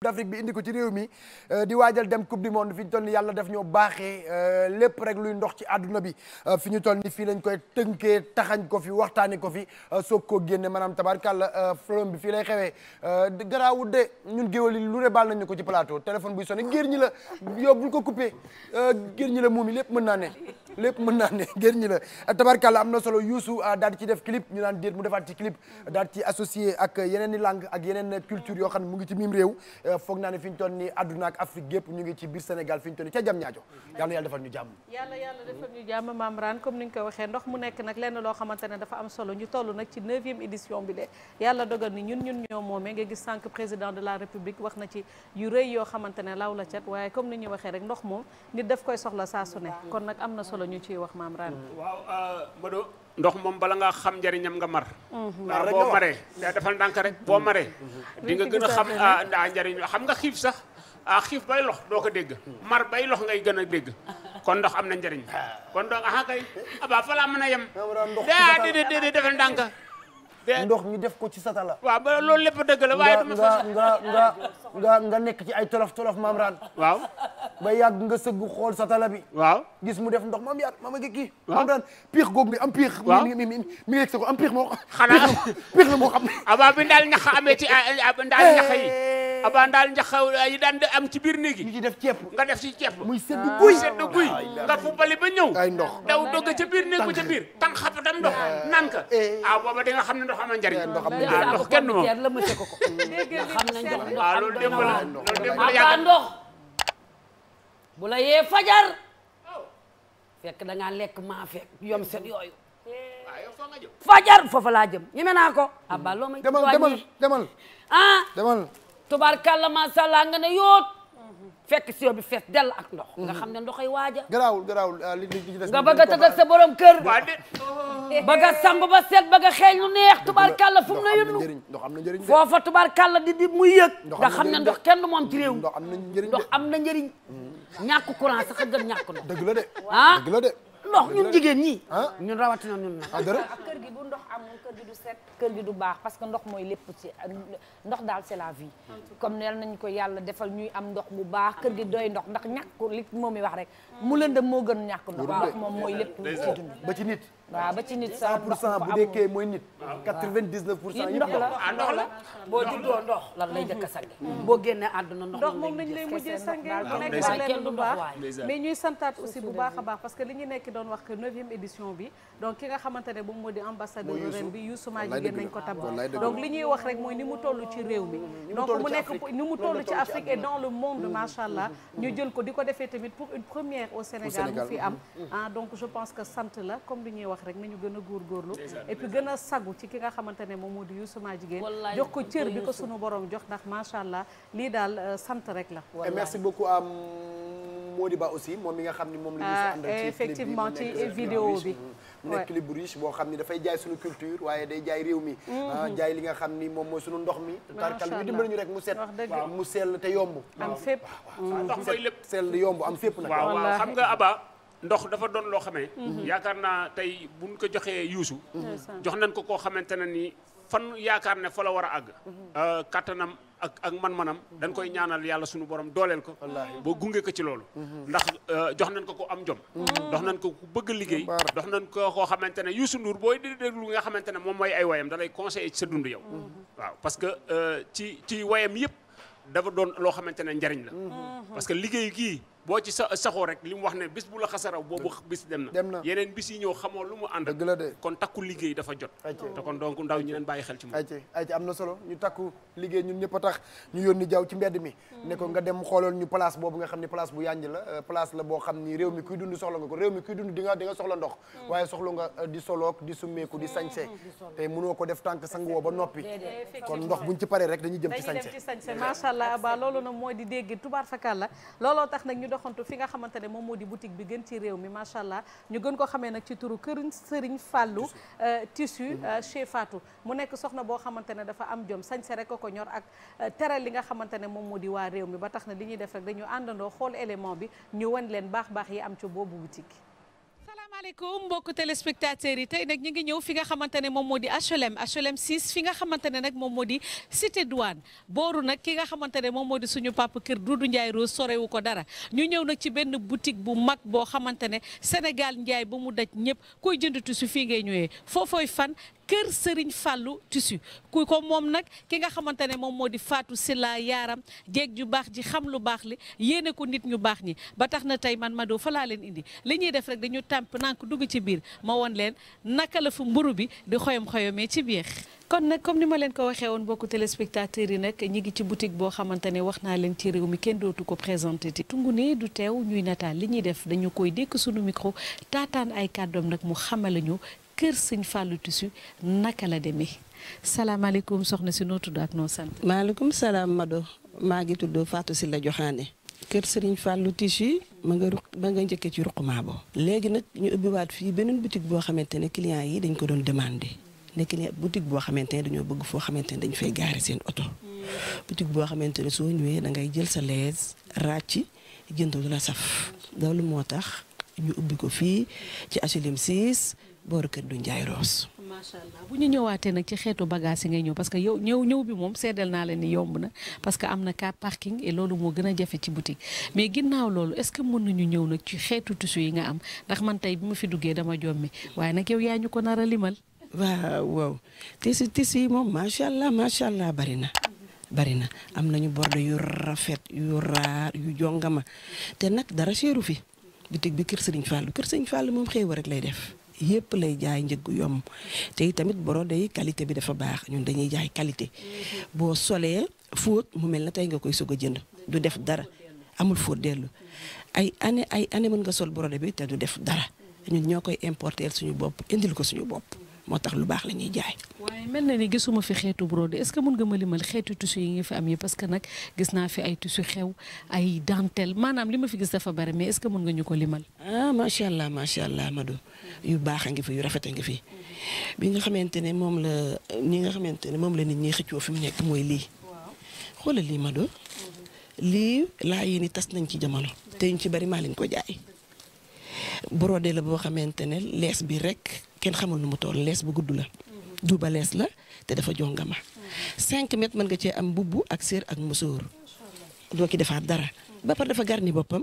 d'Afrique bi indi ko ci réew mi euh, di waajal dem coupe du monde fi ñu toll ni yàlla def ñoo baaxee euh, lépp rek luy ndox ci àdduna bi euh, fi ñu toll ni fii lañ koy tënkee taxañ ko fi waxtaane ko fi soog koo génne maanaam tabarkàlla flom bi fii lay xewee garaawut de ñun géwél lu ne baal nañu ko ci plateau téléphone buy sonné géer ñi la yow buñ ko coupé géer ñi la moom yi lépp mën naa ne lépp mën naa ne gër ñi la tabarkàlla am na solo Youssou ah, daal di ci def clip ñu naan déet mu defaat ci clip daal ci associé ak yeneen i ak yeneen culture yoo xam ne mu ngi eh, ñaajo yàlla defal ñu jàmm yàlla yàlla comme ni nga ko waxee ndox mu nekk nag lenn loo xamante ne dafa am solo ñu toll nag ci neuvième édition bi de yàlla dogal ni ñun ñun ñoo moomee nga gis sànq président de la république wax na ci yu rëy yoo xamante ne law la cat waaye comme ni ñu waxee na ñu ciy wax maam ran mm. waaw euh, Mado ndox moom bala nga xam njëriñam nga mar mm-hmm. waaw boo maree da defal ndànk rek boo maree mm-hmm. Mm-hmm. di nga gën a xam ah, ndaa ah, njëriñ xam nga xiif sax ah xiif bay lox doo ko dégg mar bay lox ngay a dégg kon ndox am na njëriñ ah. kon donc aha kay aba fa laa mën a yem ndox ñu def ko ci satala waaw ba loolu lépp dëgg la waaye dama nga nga nga nga nekk ci ay tolof tolof mamran waaw ba yag nga sëgg xool satala bi waaw gis mu def ndox mam yaat ma ngi kii mamran piix googu di am piix mi mi mi ngi yegg sa ko am piix moo xanaa piix la moo xam ne abaa bi abaan daal njaxaw yi daan am ci biir néegi i ci def ceeb nga def ci ceeb muy sedd guy sedd guy nga fubbali ba ñëw ay ndox daw dogg ca biir néeg ba ca biir tan xapatam ndox eh. naan ka eh. ah booba di nga xam ne ndox ama njariñ eh, ah mm. ndox ko ko xam na ah, ndox waaw loolu démb la ah, loolu démb la yàgg ndox bu la yee fajar fekk da ngaa lekk maa fekk yom set yooyu ah, fajar foofa laa jëm ñeme naa ko a balo may demal demal demal demal tubaarkàlla macha allah nga ne yoot fekk si yow bi fees dell ak ndox. nga xam ne ndoxay waaja. garaawul garaawul ah, li li li des. nga bëgg a tëdd sa borom kër. bëgg a sàmb ba set bëgg a xeeñ lu neex. tubaarkàlla fu mu la yónnu. ndox am na njëriñ foofa tubaarkàlla di di muy yëg. nga xam ne ndox kenn moom ci réew. ndox am na njëriñ ndox am na njëriñ. ñàkk courant sax a gën ku ndox. dëgg la de. ah ndox ñun jigéen ñi. ñun rawatina ñun nag. ah dara kër gi bu ndox amul kër gi du set. kër gi du baax parce que ndox mooy lépp ci euh, ndox daal c'est la vie. comme yal nañu ko yàlla defal ñuy am ndox bu baax kër gi doy ndox ndax ñàkk li moom mi wax rek. mu lëndëm moo gën ñàkk ndox. waaw moom mooy lépp ci dund ba ci nit. waaw ba ci nit sax 100 pour cent bu dekkee mooy nit. ndox la ah, ndox la. boo juddoo ndox mm. boo génnee àdduna ndox ndox moom lañ lay mujjee sange bu nekk ci lu baax mais ñuy santaat aussi bu baax a baax parce que li ñu nekk doon wax que neuvième édition bi donc ki nga xamante ne moom moo di ambassadeur ren bi Youssou maa jigéen nañ ko tabb donc li ñuy wax rek mooy ni mu toll ci réew mi donc mu nekk ni mu toll ci Afrique et dans le monde mm. macha allah ñu jël ko di ko defee tamit pour une première au Sénégal fi am mm. ah donc je sant la comme li ñuy wax wax rek nañu gën a góorgóorlu et puis gën a sagu ci ki nga xamante ne moom moo di Youssou Madjiguène jox ko cër bi ko sunu borom jox ndax macha allah lii daal euh, sant rek la et merci beaucoup am Mody Ba aussi moom mi nga xam ni moom la Youssou ah, àndal ci effectivement ci vidéo bi mu bu riche boo xam ni dafay jaay suñu culture waaye day jaay réew mi mm-hmm. ah, jaay li nga xam ni moom mooy suñu ndox mi tarkal ñu dimbali ñu rek mu set mu sell te yomb am fépp ndox mooy lépp sell yomb am fépp nag ndox dafa doon loo xamee. Mhm. yaakaar naa tey buñ ko joxee yuusu. jox nañ ko koo xamante ne nii fan yaakaar ne fa la war a àgg. Mhm. Euh, kattanam ak ak man-manam mhm. dañ koy ñaanal yàlla suñu borom dooleel ko. boo gunge ko ci loolu. ndax euh, jox nañ ko ko am jom. dox nañ ko ku bëgg liggéey. dox nañ ko koo xamante ne Youssou Ndour booy di déglu nga xamante ne moom mooy ay wayam da lay conseillé ci sa dund yow. waaw parce que euh, ci ci wayam yëpp dafa doon loo xamante ne njariñ la. parce que boo ci sa saxoo rek li mu wax ne bis bu la xasaraw boobu bis dem na yeneen bis yi ñëw xamoo lu mu ànd dëgg la de kon takku liggéey dafa jot te ci am na solo ñu takku liggéey ñun ñëpp a tax ñu yónni mi hmm. ne ko nga dem xooloon ñu place boobu nga xam ni place bu yànj la euh, place la boo xam mi kuy dund soxla nga ko réew mi kuy dund di nga di nga soxla ndox hmm. waaye soxla nga euh, di soloog di summeeku di hmm. sañse te mënoo ko def tànk sanguwoo ba noppi kon ndox buñ ci paree rek dañuy jëm ci sañse macha allah ba loolu nag moo di dégg tubaar fakal la looloo tax nag ñu doxantu fi nga xamante ne moom moo di boutique bi gën ci réew mi macha allah ñu gën ko xamee nag ci turu kër Serigne Fallou tissu euh, mm-hmm. euh, chez Fatou mu nekk soxna boo xamante ne dafa am jom sañse rek ko ñor ak euh, teral li nga xamante ne moom moo di waa réew mi ba tax na li ñuy def rek dañu àndandoo xool élément bi ñu wan leen baax baax yi am ci boobu boutique asalaamaaleykum mbokk téléspectateurs yi tey nag ñu ngi ñëw fi nga xamante ne moom moo di HLM HLM 6 fi nga xamante ne nag moom moo di cité douane booru nag ki nga xamante ne moom moo di suñu papa kër Doudou Ndiaye Rose sorewu ko dara ñu ñëw nag ci benn boutique bu mag boo xamante ne Sénégal njaay ba mu daj ñëpp kuy jëndatu su fii ngay ñëwee foofooy fan kër Serigne Fallou tissu ku ko moom nag ki nga xamante ne moom moo di Fatou Sylla yaaram jeeg ju baax ji xam lu baax li yéene ko nit ñu baax ñi ba tax na tey man Mado fa laa leen indi li ñuy def rek dañu tàmp nank dugg ci biir ma woon leen naka la fu mburu bi di xoyom-xoyomee ci biir kon nag comme ni ma leen ko waxee woon bokku téléspectateurs yi nag ñi ngi ci boutique boo xamante ne wax naa leen ci réew mi kenn dootu ko présenté ti tungu ne du teew ñuy nataal li ñuy def dañu koy dékk suñu micro taataan ay nag mu xamale ñu kër sëñ Fallou Tissu naka la demee salaamaaleykum soxna si noo tudd ak noo sant. maaleykum salaam Mado maa ngi tudd Fatou Sylla Joxaane kër Serigne Fallou Tissu ma nga ruq ma nga njëkkee ci ruq maabo léegi nag ñu ubbiwaat fii beneen boutique boo xamante ne client yi dañ ko doon demandé ne client boo xamante ne dañoo bëgg foo xamante ne dañu fay gaari seen oto. Hmm. boutique boo xamante ne soo ñëwee da ngay jël sa lees ràcc jënd lu la saf loolu moo tax ñu ubbi ko fii ci HLM 6. booru kër du Ndiaye Rose. macha allah bu ñu ñëwaatee nag ci xeetu bagage yi ngay ñëw parce que yow ñëw ñëw bi moom seddal naa leen ni yomb na parce que am na car parking et loolu moo gën a jafe ci boutique mais ginnaaw loolu ce que mën nañu ñëw nag ci xeetu tissu yi nga am ndax man tey bi ma fi duggee dama jommi waaye nag yow yaa ñu ko nar a limal. waaw waaw tissu tissu yi moom macha allah macha allah bari na. bari na am nañu borde yu rafet yu raar yu jongama te nag dara seeru fi bitig bi kër Serigne Fallou kër Serigne Fallou moom xéew rek lay def. yëpp lay jaay njëg gu yomb te tamit borode yi qualité bi dafa baax ñun dañuy jaay qualité boo solee fóot mu mel na tey nga koy soog a jënd du def dara amul fóot dellu ay année ay année mën nga sol borode bi te du def dara ñun ñoo koy importer suñu bopp indil ko suñu bopp. moo tax lu baax la ñuy jaay. waaye mel na ni gisuma fi xeetu broderie est-ce que mën nga ma limal xeetu tissu yi nga fi am yi parce que nag gis naa fi ay tissu xew ay dentelle maanaam li ma fi gis dafa bari mais est-ce que ñu ko limal. ah macha allah macha allah Mado yu baax a ngi fi yu rafet a ngi fi bi nga xamante ne moom la ñi nga xamante ne moom la nit ñi xëccoo fi mu nekk mooy lii. xoolal lii Mado lii laa yéen i tas nañ ci jamono. te ñu ci bari maa leen ko jaay. brodé la boo xamante ne lees bi rek. kenn xamul nu mu toll lees bu gudd la duuba lees la te dafa jongama 5 mètres mën nga cee am mbubb ak séer ak musóor doo ki defaat dara ba pare dafa gar ni boppam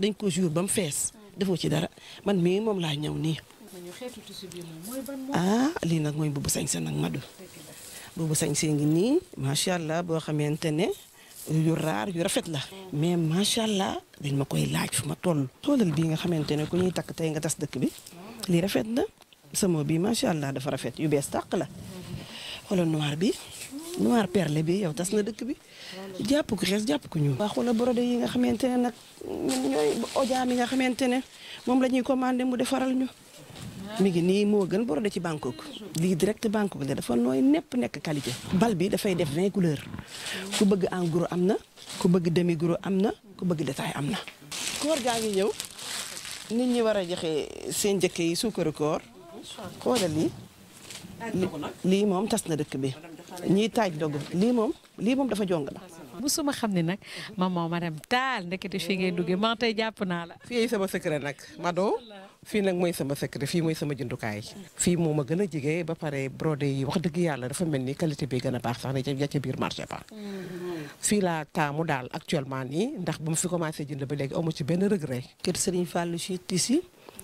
dañ ko jur ba mu fees defoo ci dara man mii moom laa ñëw nii ah lii nag mooy mbubb sañse nag madu mbubb sañse ngi nii macha allah boo xamante ne yu raar yu rafet la mais macha allah dañ ma koy laaj fu ma toll toolal bii nga xamante ne ku ñuy takk tey nga tas dëkk bi lii rafet na sama bi macha allah dafa rafet yu bees tàq la xoolal noir bi noir perle bi yow tas na dëkk bi jàpp ko xees jàpp ko ñun. waa xoolal brodé yi nga xamante ne nag ñun ñooy ojaam yi nga xamante ne moom la ñuy commandé mu defaral ñu. mu ngi nii moo gën brodé ci Bangkok lii direct Bangkok la dafa nooy népp nekk qualité. bal bi dafay def vingt couleurs ku bëgg en gros am na ku bëgg demi gros am na ku bëgg détail am na. koor gaa ngi ñëw nit ñi war a joxe seen njëkk yi suukaru koor. xoolal lii lii moom tas na dëkk bi ñiy taaj dogu lii moom lii moom dafa jong la bu suma xam ne nag maman madame Tall ndekete fii ngay duggee maa tey jàpp naa la fii sama secret nag Mado fii nag mooy sama secret fii mooy sama jëndukaay fii moo ma gën a jege ba pare brodé yi wax dëgg yàlla dafa mel ni qualité bii gën a baax sax ne ja ca biir marché ba fii laa taamu daal actuellement nii ndax ba mu fi commencé jënd ba léegi amu ci benn regret kër Serigne Fallou ci tissu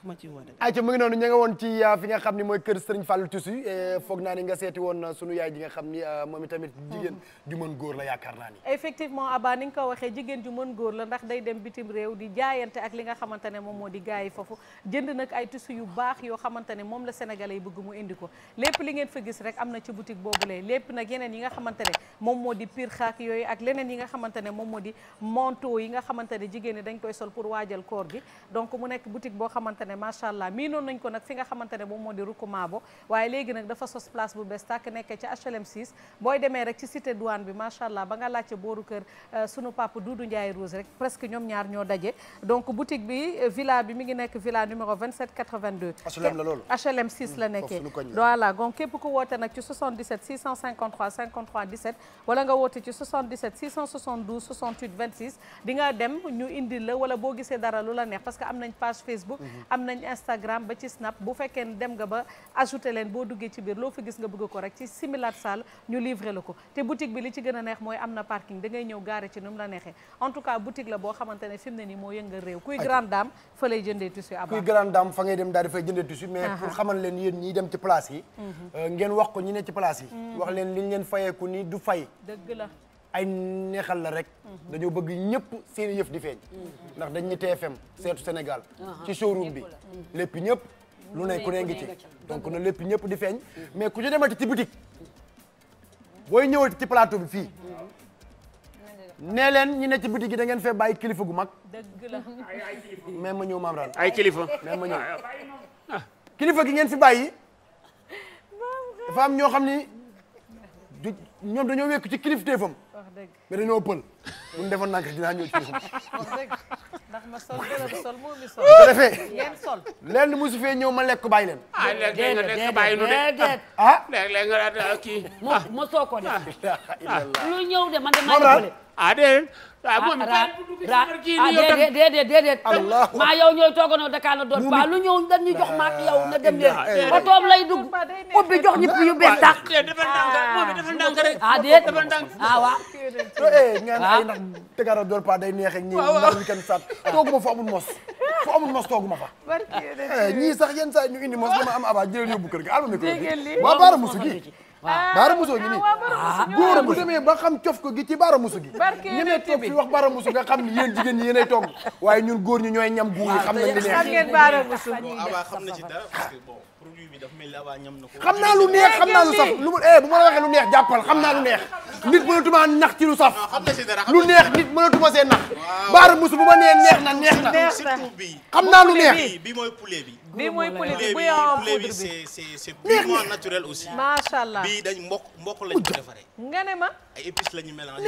ku ma ci woote ayca mu ngi noonu ña nga woon ci euh, fi nga xam ni mooy kër Serigne Fallou Tissu foog naa ni nga seeti woon euh, sunu yaay ji nga xam ni euh, moom ak li nga xamante ne moom moo di gars yi foofu jënd nag ay tissu yu baax yoo xamante ne moom la sénégalais yi bëgg mu indi ko lépp li ngeen fa gis rek am na ci boutique boobulee lépp nag yeneen yi nga xamante ne moom moo di pir xaak yooyu ak leneen yi nga xamante ne moom moo di manteau yi nga xamante ne jigéen ñi dañ koy sol pour waajal koor gi donc mu ne macha allah mii noonu nañ ko nag fi nga xamante ne moom moo di rukuma bo waaye léegi nag dafa sos place bu bees tàkk nekkee ci HLM booy demee rek ci cité douane bi macha allah ba nga laajte booru kër euh, sunu papa Doudou Ndiaye Rose rek presque ñoom ñaar ñoo daje donc boutique bi villa bi mi ngi nekk villa numéro 27 82 HLM la loolu HLM la hmm, nekkee donc képp ku woote nag ci 77 653 53 17 wala nga woote ci 77 672 68 26 am nañ Instagram ba ci Snap bu fekkee dem nga ba ajouté leen boo duggee ci biir loo fa gis nga bëgg ko rek ci similaat salle ñu livré la ko te boutique bi li ci gën a neex mooy am na parking da ñëw gaare ci nu la neexee en tout cas boutique la boo xamante ne ne nii moo yëngal réew kuy grande dame fa lay jëndee tissu aba kuy grande dame fa ngay dem daal di fay jëndee tissu mais pour xamal leen yéen ñiy dem ci place yi mhm. euh, ngeen wax ko ñi ne ci place ay neexal la rek. Mhm. dañoo bëgg ñëpp seen yëf di feeñ. Mhm. ndax dañ ñu TFM seetu Sénégal. ci showroom bi mhm. lépp ñëpp. lu ne ku ne ngi ci donc na lépp ñëpp di feeñ. mais ku ci demati ci boutique. booy ñëwati ci plateau bi fii. nee leen ñi ne ci boutique yi da ngeen fee bàyyi kilifa gu mag. dëgg mais ma ñëw maam ran ay kilifa kilifa gi ngeen fi bàyyi. dafa am ñoo xam ni. ñoom dañoo wekk ci kilifteefam. wax dëgg mais dañoo pël. bu ñu defoon ndànk dinaa ñëw ci wax dëgg ndax ma sol gërëm sol moo mi sol. bu ko defee yéen sol. lenn musu fee ñëw ma lekk bàyyi leen. ah léeg-léeg nga lekk bàyyi nu de. Ah. ah léeg-léeg nga ah, kii. ah mosoo ko de. Ah. lu ñëw de man de maa ngi bële. ah déedéet. ah moom ah, ah, déedéet déedéet maa yow ñooy toogandoo dakaana doon ba lu ñëw dañ ñu jox maak yow na dem leen otoom lay dugg ubbi jox ñëpp yu bees tàq eh, ah déet ah waaw eh, eh, nga ne ay ndax dakaana doon pa day neexe ñi ndax weekend sat ah. toogu ma fu amul mos fu amul mos toogu ma fa ñii sax yenn saa ñu indi mos dama am aba jëlal yóbbu kër ga alma micro bi waa baara gi Ah, baara muso ah, gi nii góor bu demee ba xam cof ko gi ci baara muso gi ñi ne toog fi wax baara muso nga xam ni yéen jigéen ñi yéenay togg waaye ñun góor ñi ñooy ñam guur yi xam nañ li neex baara muso ah, ñam na ko xam naa lu neex xam naa lu saf lu eh bu ma la waxee lu neex jàppal xam naa lu neex nit mënatuma nax ci lu saf lu neex nit mënatuma see nax baara muso bu ma nee neex na neex na xam naa lu neex bi mooy bi bii mooy poulet bu yaw am bi c'est naturel aussi. macha allah bii dañ mboq mboq lañ ko defaree. nga ne ma. ay épices la ñu mélangé.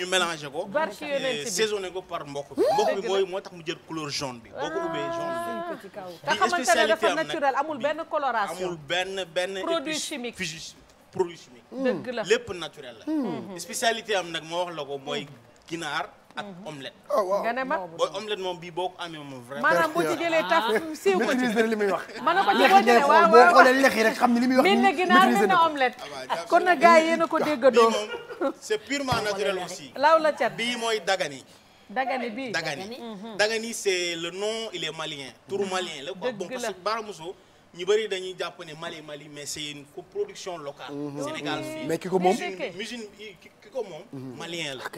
ñu mélangé ko. barke yonent saisonné ko par mboq bi. mboq bi mooy moo tax mu jël couleur jaune bi. boo ko ah, ubbee jaune bi. naturel amul benn coloration. amul benn benn produit chimique produit chimique. dëgg la lépp naturel la. Hmm. spécialité am nag moo wax la ko mooy ginaar. ak omelette. ah oh, waaw nga ne ma booy omelette moom bii boo ko amee moom vraiment. maanaam boo ci jëlee taf ah. siiw ko ci li muy wax. mën na ko ci boo jëlee waaw boo xoolee lex yi rek xam ne li muy wax. maîtrise na ko ginaar ah, na omelette. kon nag gars yi yéen a ko déggandoo. bii moom c'est purement naturel aussi. laaw la cat bii mooy dagani. dagani bii dagani. dagani c'est le nom il est malien. turu malien la quoi bon parce que Bara Mousso ñu bëri dañuy jàpp ne Mali Mali mais c'est une coproduction locale. Mhm. Sénégal mhm. mais ki ko moom. Mhm. malien la ah.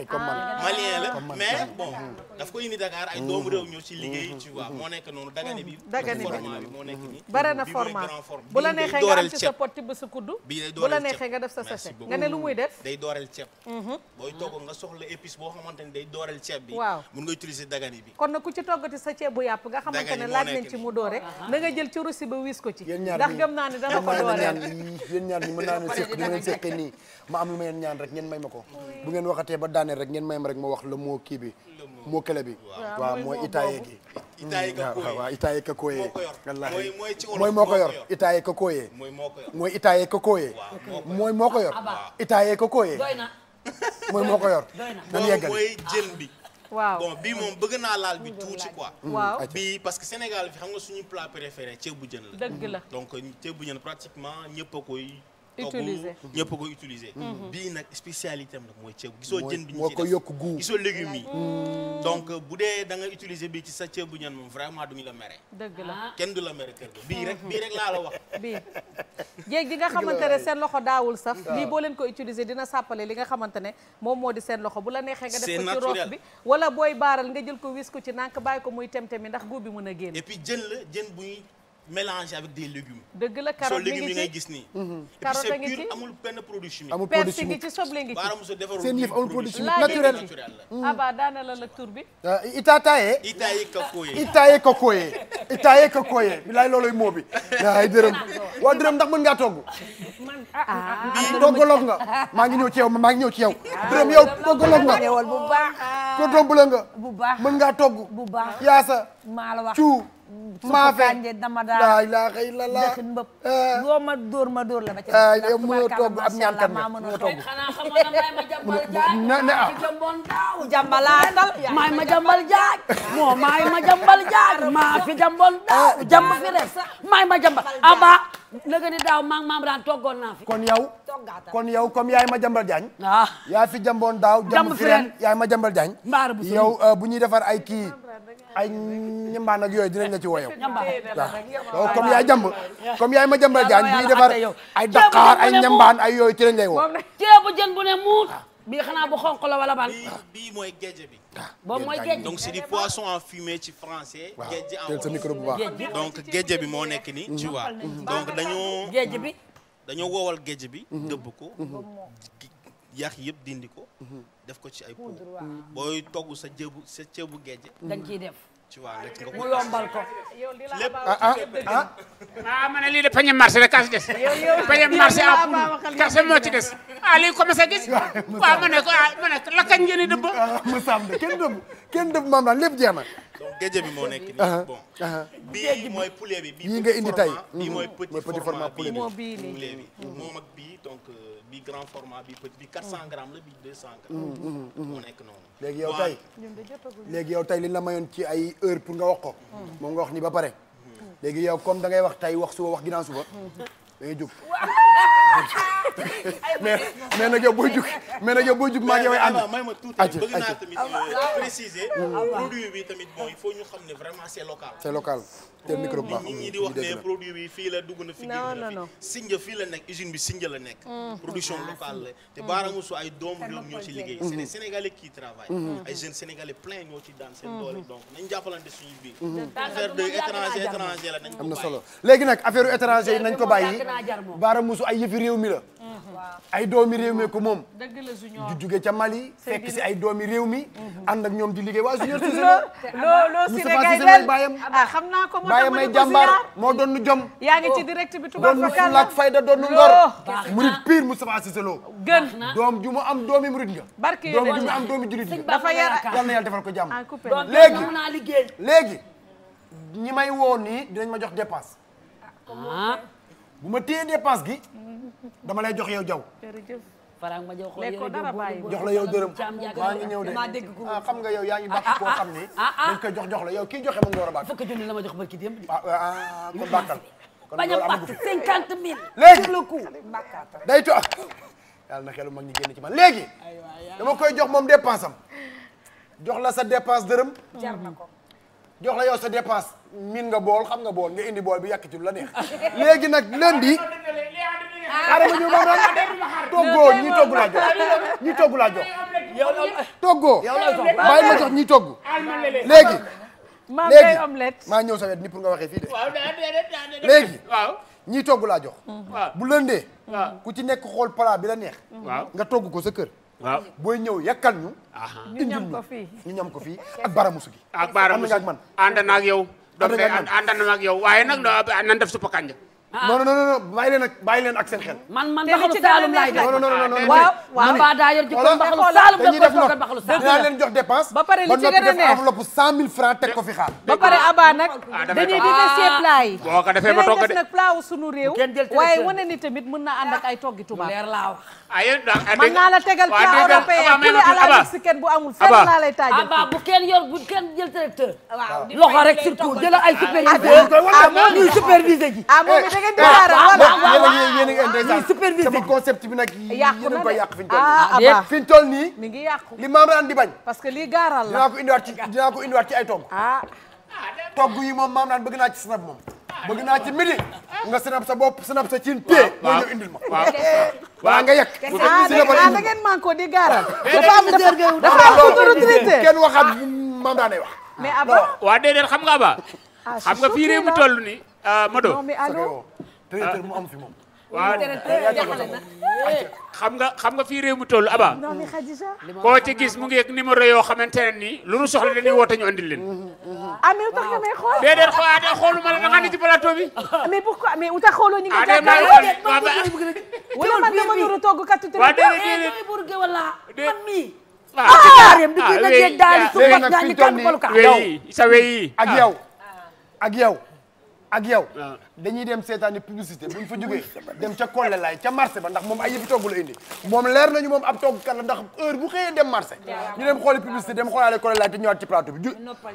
malien la mais bon daf ko indi Dakar ay doomu réew ñoo ci liggéey tu vois moo nekk noonu dagane bi. dagane bi format bi moo nekk nii. bare na format bu la neexee nga am ci sa pot booy togg nga soxla épice boo xamante day dooreel ceeb bi. waaw mun nga utiliser dagane bi. kon nag ku ci toggati sa ceeb bu yàpp nga xamante ne ci mu doore na jël ci rusi ba wis ko ko ci ndax gëm naa ne dana ko dooleel yéen ñaar ñi mën naa ne séq di ngeen séqee nii ma am lu may ñaan rek ngeen may ma ko bu ngeen waxatee ba daaneel rek ngeen may rek ma wax le mot kii bi mot waaw mooy itaaye ka kooyee mooy moo ko yor itaaye ka kooyee mooy moo ko yor itaaye ka kooyee mooy moo ko yor nan yeggal waaw bon bii moom bëgg naa laal bi tuuti quoi. Mm. waaw bii parce que Sénégal fi xam nga suñu plat préféré ceebu jën la. dëgg la donc ceebu jën pratiquement ñëpp a koy. utiliser togg ñëpp ko utiliser. Mhm. bii nag spécialité am nag mooy ceeb gisoo jën bi ñu ci def moo ko yokk gu gisoo légumes yi. Mm. donc bu dee da nga utiliser bii ci sa ceeb bu ñan moom vraiment duñu la mere. dëgg la ah. kenn du la mere kër ga bii rek mhm. bii rek laa la wax. bii jéeg ji nga xamante seen loxo daawul saf. lii boo leen ko utiliser dina sàppale li nga xamante ne moom moo di seen loxo bu la neexee nga def ko ci roof bi. wala booy baaral nga jël ko wis ko ci nànk bàyyi ko muy temte mi ndax guub bi mën a génn. et puis jën la jën bu mélange avec des légumes. dëgg la carotte mi ngi ci légumes yi ngay gis nii. Mhm. carotte a ngi ci seen yëf amul produit naturel la. Mm. Abba ah, daana la lecture bi. Itataye. Euh, itaye Kakoye. Itaye Kakoye. Itaye Kakoye. bilaay looloy waa dërëm ndax mën ngaa togg. man ah ah. toggaloog ah. nga maa ngi ñëw ci ma maa ngi ñëw ci yow. Ah, dërëm yow toggaloog nga. bu baax. ko dombale nga. bu baax mën ngaa togg. bu baax yaasa. maa la wax maafe dama daa laa xëy la laa dëkk mbëb eh. ma dóor ma dóor la ba ci eh, yow mënoo togg ab ñaankat nga mënoo togg ne ah jambalaatal maay ma jambal ma jambal jaaj maa fi jambon daaw eh, jamb fi def ma jambal aba nëgë daaw maa maam daan toggoon naa fi yow kon yow comme yaay ma jambal jaañ ah. yaa fi jamboon daaw jamb fi ren yaay ma jambal jaañ yow euh, bu ñuy defar ay kii ay ñambaan ak yooyu dinañ la ci woyow waaw comme yaay jamb comme yaay ma jambal jaañ bu ñuy defar ay daqaar ay ñambaan ay yooyu ci lay woo ceebu jën bu ne muut bii xanaa bu xonq la wala ban. bi. boobu mooy géej ah, donc c'est du bi moo nekk nii. tu mhm. dañoo woowal géej bi dëbb mhm. ko mhm. yax yëpp dindi ko mhm. def ko ci ay poudre booy togg sa jëbu sa ceebu géej dañ ci waa lekk nga ko mu yombal ko. lépp ah ah, ah. ah lii de pañe marché rek kaa si des. pañe marché a poule kese moo ci des. a ah, lii commencé gis. waaw ma ne ko ah ma ne ko lakkañ ngeen di de kenn dëbb kenn dëbb maam daal lépp jeex na. donc géej bi moo mooy poulet bi. bii nga indi tey bii mooy petit format bii mooy petit format bi. bii bi grand format bi petit bi 400 mm. grammes la bi 200 grammes. Mm, mm, moo nekk noonu. léegi yow tey léegi yow tey li la mayoon ci ay heure pour nga wax ko. moom nga wax ni ba pare. léegi yow comme da ngay wax tey wax suba wax ginnaaw suba. day jug. mais mais nag yow booy jug mais nag yow booy jug maa ngi lay may ma tuuti bëgg naa euh, bi tamit bon il ñu xam ne vraiment c'est local. c'est local te mm. micro bi baax nit ñi di fii la dugg na fi. non non fii la nekk usine bi la nekk. Mm. production ah, locale la te baaraamu su doom doom ñoo ci liggéey. c'est des mm-hmm. Sénégalais qui travaillent. Mm-hmm. ay jeunes Sénégalais plein ñoo ci daan seen mm-hmm. doole donc nañ jàppalante suñu affaire de étranger étranger la nañ ko bàyyi. am na solo léegi nag affaire étranger yi nañ ko bàyyi. naa jar moom baara musu ay yëfi réew mi la mhm. ay doomi réew mi ko moom ju jóge ca Mali fekk si ay doomi réew mi mhm. ànd ak ñoom di liggéey waa Junior Cissé loo si rek bàyyam xam naa ko moo bàyyam ay jàmbaar moo doon jom yaa ngi ci direct bi tubaab doon fulaak fayda doon ngor murid pire Moustapha Cissé Lo gën doom ju mu am doomi murid nga barke doom ju mu am doomi julit nga dafa yar yal na yàlla defal ko jàmm ah, léegi léegi ñi may woo nii dinañ ma jox dépense ah, bu ma téye dépense gi dama lay jox yow jaw faraang ma jox la yow dërëm waa ngi ñëw de ah, xam ga yow yaa ngi bàq ah, ah, koo xam ni dañ koy jox jox la yow kii joxe ma nga war a bàq fukki junni la ma jox barki démb ah kon bàkkal bañ a bàq cinquante mille léegi le coup day to yàlla na xelu mag ñi génn ci man léegi dama koy jox moom dépense am jox la sa dépense dërëm jox la yow sa dépense min nga bool xam nga bool nga indi bool bi yàq ci lu la neex léegi nag lundi xare ma ñu moom rek toggoo ñi togg laa jox ñi togg laa jox toggoo bàyyi ma jox ñi togg léegi léegi maa ñëw sa ni pour nga waxee fii de léegi ñi toggu laa jox bu lëndee ku ci nekk xool plat bi la neex nga togg ko sa kër booy ñëw yakkal ñu. ñu ñam ko fii ñu ñam ko fii ak baaramusu gi. ak baaramusu am na ak man ànd na ak yow. doon fee ànd na ma ak yow waaye nag nan def suppa kànja Ah. non non non bàyyi leen ak bàyyi leen ak seen xel. man man baxalu Saalum laay def non non non waaw waaw mbaa daa yor jikko baxalu Saalum dañuy def noonu dinaa leen jox dépense ba pare li ci gën a neex enveloppe cent mille francs teg ko fi xaar ba pare abaa nag dañuy diversifier ah. plat yi boo ko defee ba togg de nag plat wu sunu réew waaye wane ni tamit mën naa ànd ak ay toggi tubaab leer laa wax eh, eh, mën naa la tegal plat européen poulet à la mexicaine bu amul fenn laa lay taajal abaa bu kenn yor bu kenn jël tracteur loxo rek surtout jël ay superviseur ñuy ah, superviser ji da ngeen baara eh, voilà supervisé sama concept bi nag yéen a koy yàq fi ñu toll ah, nii ah, fi ñu toll nii mi ngi yàqu li maam daan di bañ parce que lii gaaral la dinaa ko indiwaat ci dinaa ko indiwaat ci ay togg ah togg yi moom maam daan bëgg naa ci snap moom bëgg naa ci midi nga snap sa bopp snap sa cin pee moo ñëw indil ma waa nga yegg. si la bëri da ngeen man ko di gaaral dafa am dafa am ku retraité kenn waxaat maam daan ay wax mais aba waa déedéet xam nga aba ah, xam nga fii réew mi toll nii ah euh, Mado non mais allo. directeur ah, xam nga xam nga fii réew mi toll Aba. non mais Khadija. koo ci gis mu ngi ak numéro yoo xamante ne nii. lu nu soxla dañuy woote ñu andil leen. ah mais utax nga may xool. déedéet ah, ci plateau bi. mais pourquoi mais utax xooloo ñu ngi. Ah, jàkkaarloo wala man dama nuru toggkatu te. waaw déedéet eh, déedéet wala man mii. ah ah wéy léegi nag fi mu toll yi ak yow yow. ak yow ah. dañuy dem seetaani publicité buñ fa jógee dem ca Kolle laay ca marché ba ndax moom ay yëfi togg la indi moom leer nañu moom ab toggkat la ndax heure bu xëyee dem marché ñu dem xooli publicité dem xoolaale Kolle laay te ñëwaat ci plateau bi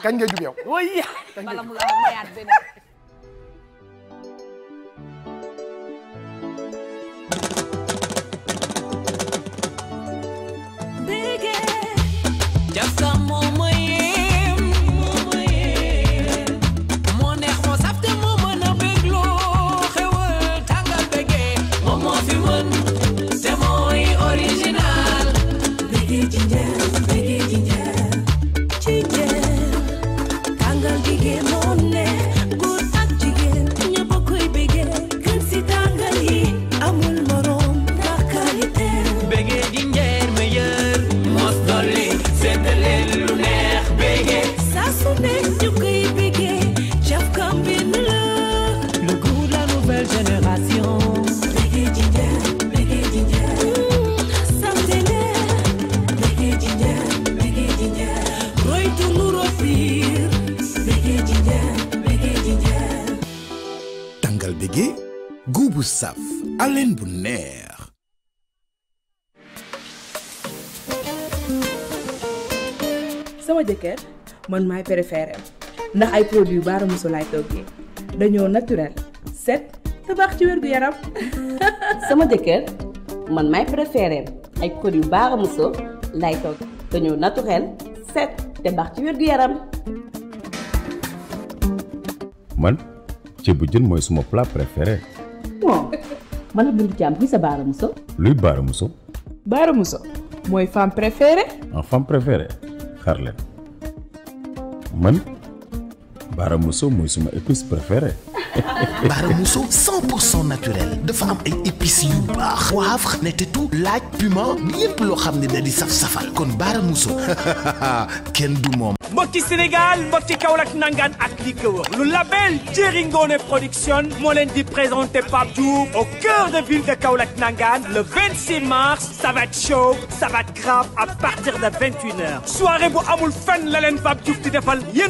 kañ nga jub yow mooy ndax ay produits baara musu laay toggee dañoo naturel set te baax ci wérgu yaram. sama jëkkër man maay préféré ay produits baara musu laay dañoo naturel set te baax ci gu yaram. man ceeb bu jën mooy suma plat préféré. bon man la Bintu Thiam sa baara luy baara musu. mooy femme préférée. en femme préférée xaar man Bara Mousso mooy suma épouse préférée baara Mousso 100% naturel dafa am ay épices yu baax poivre nettetu laaj piment loo xam ne da di saf safal kon baara kenn du moom. mbokki Sénégal mbokki Kaolack nangaan ak li ko wër lu label Thierry Ngone production moo di présenter Pape Diouf au cœur de ville de Kaolack nangaan le 26 mars ça va être chaud ça va être grave à partir de 21h soirée bu amul fenn la leen Pape Diouf di defal yéen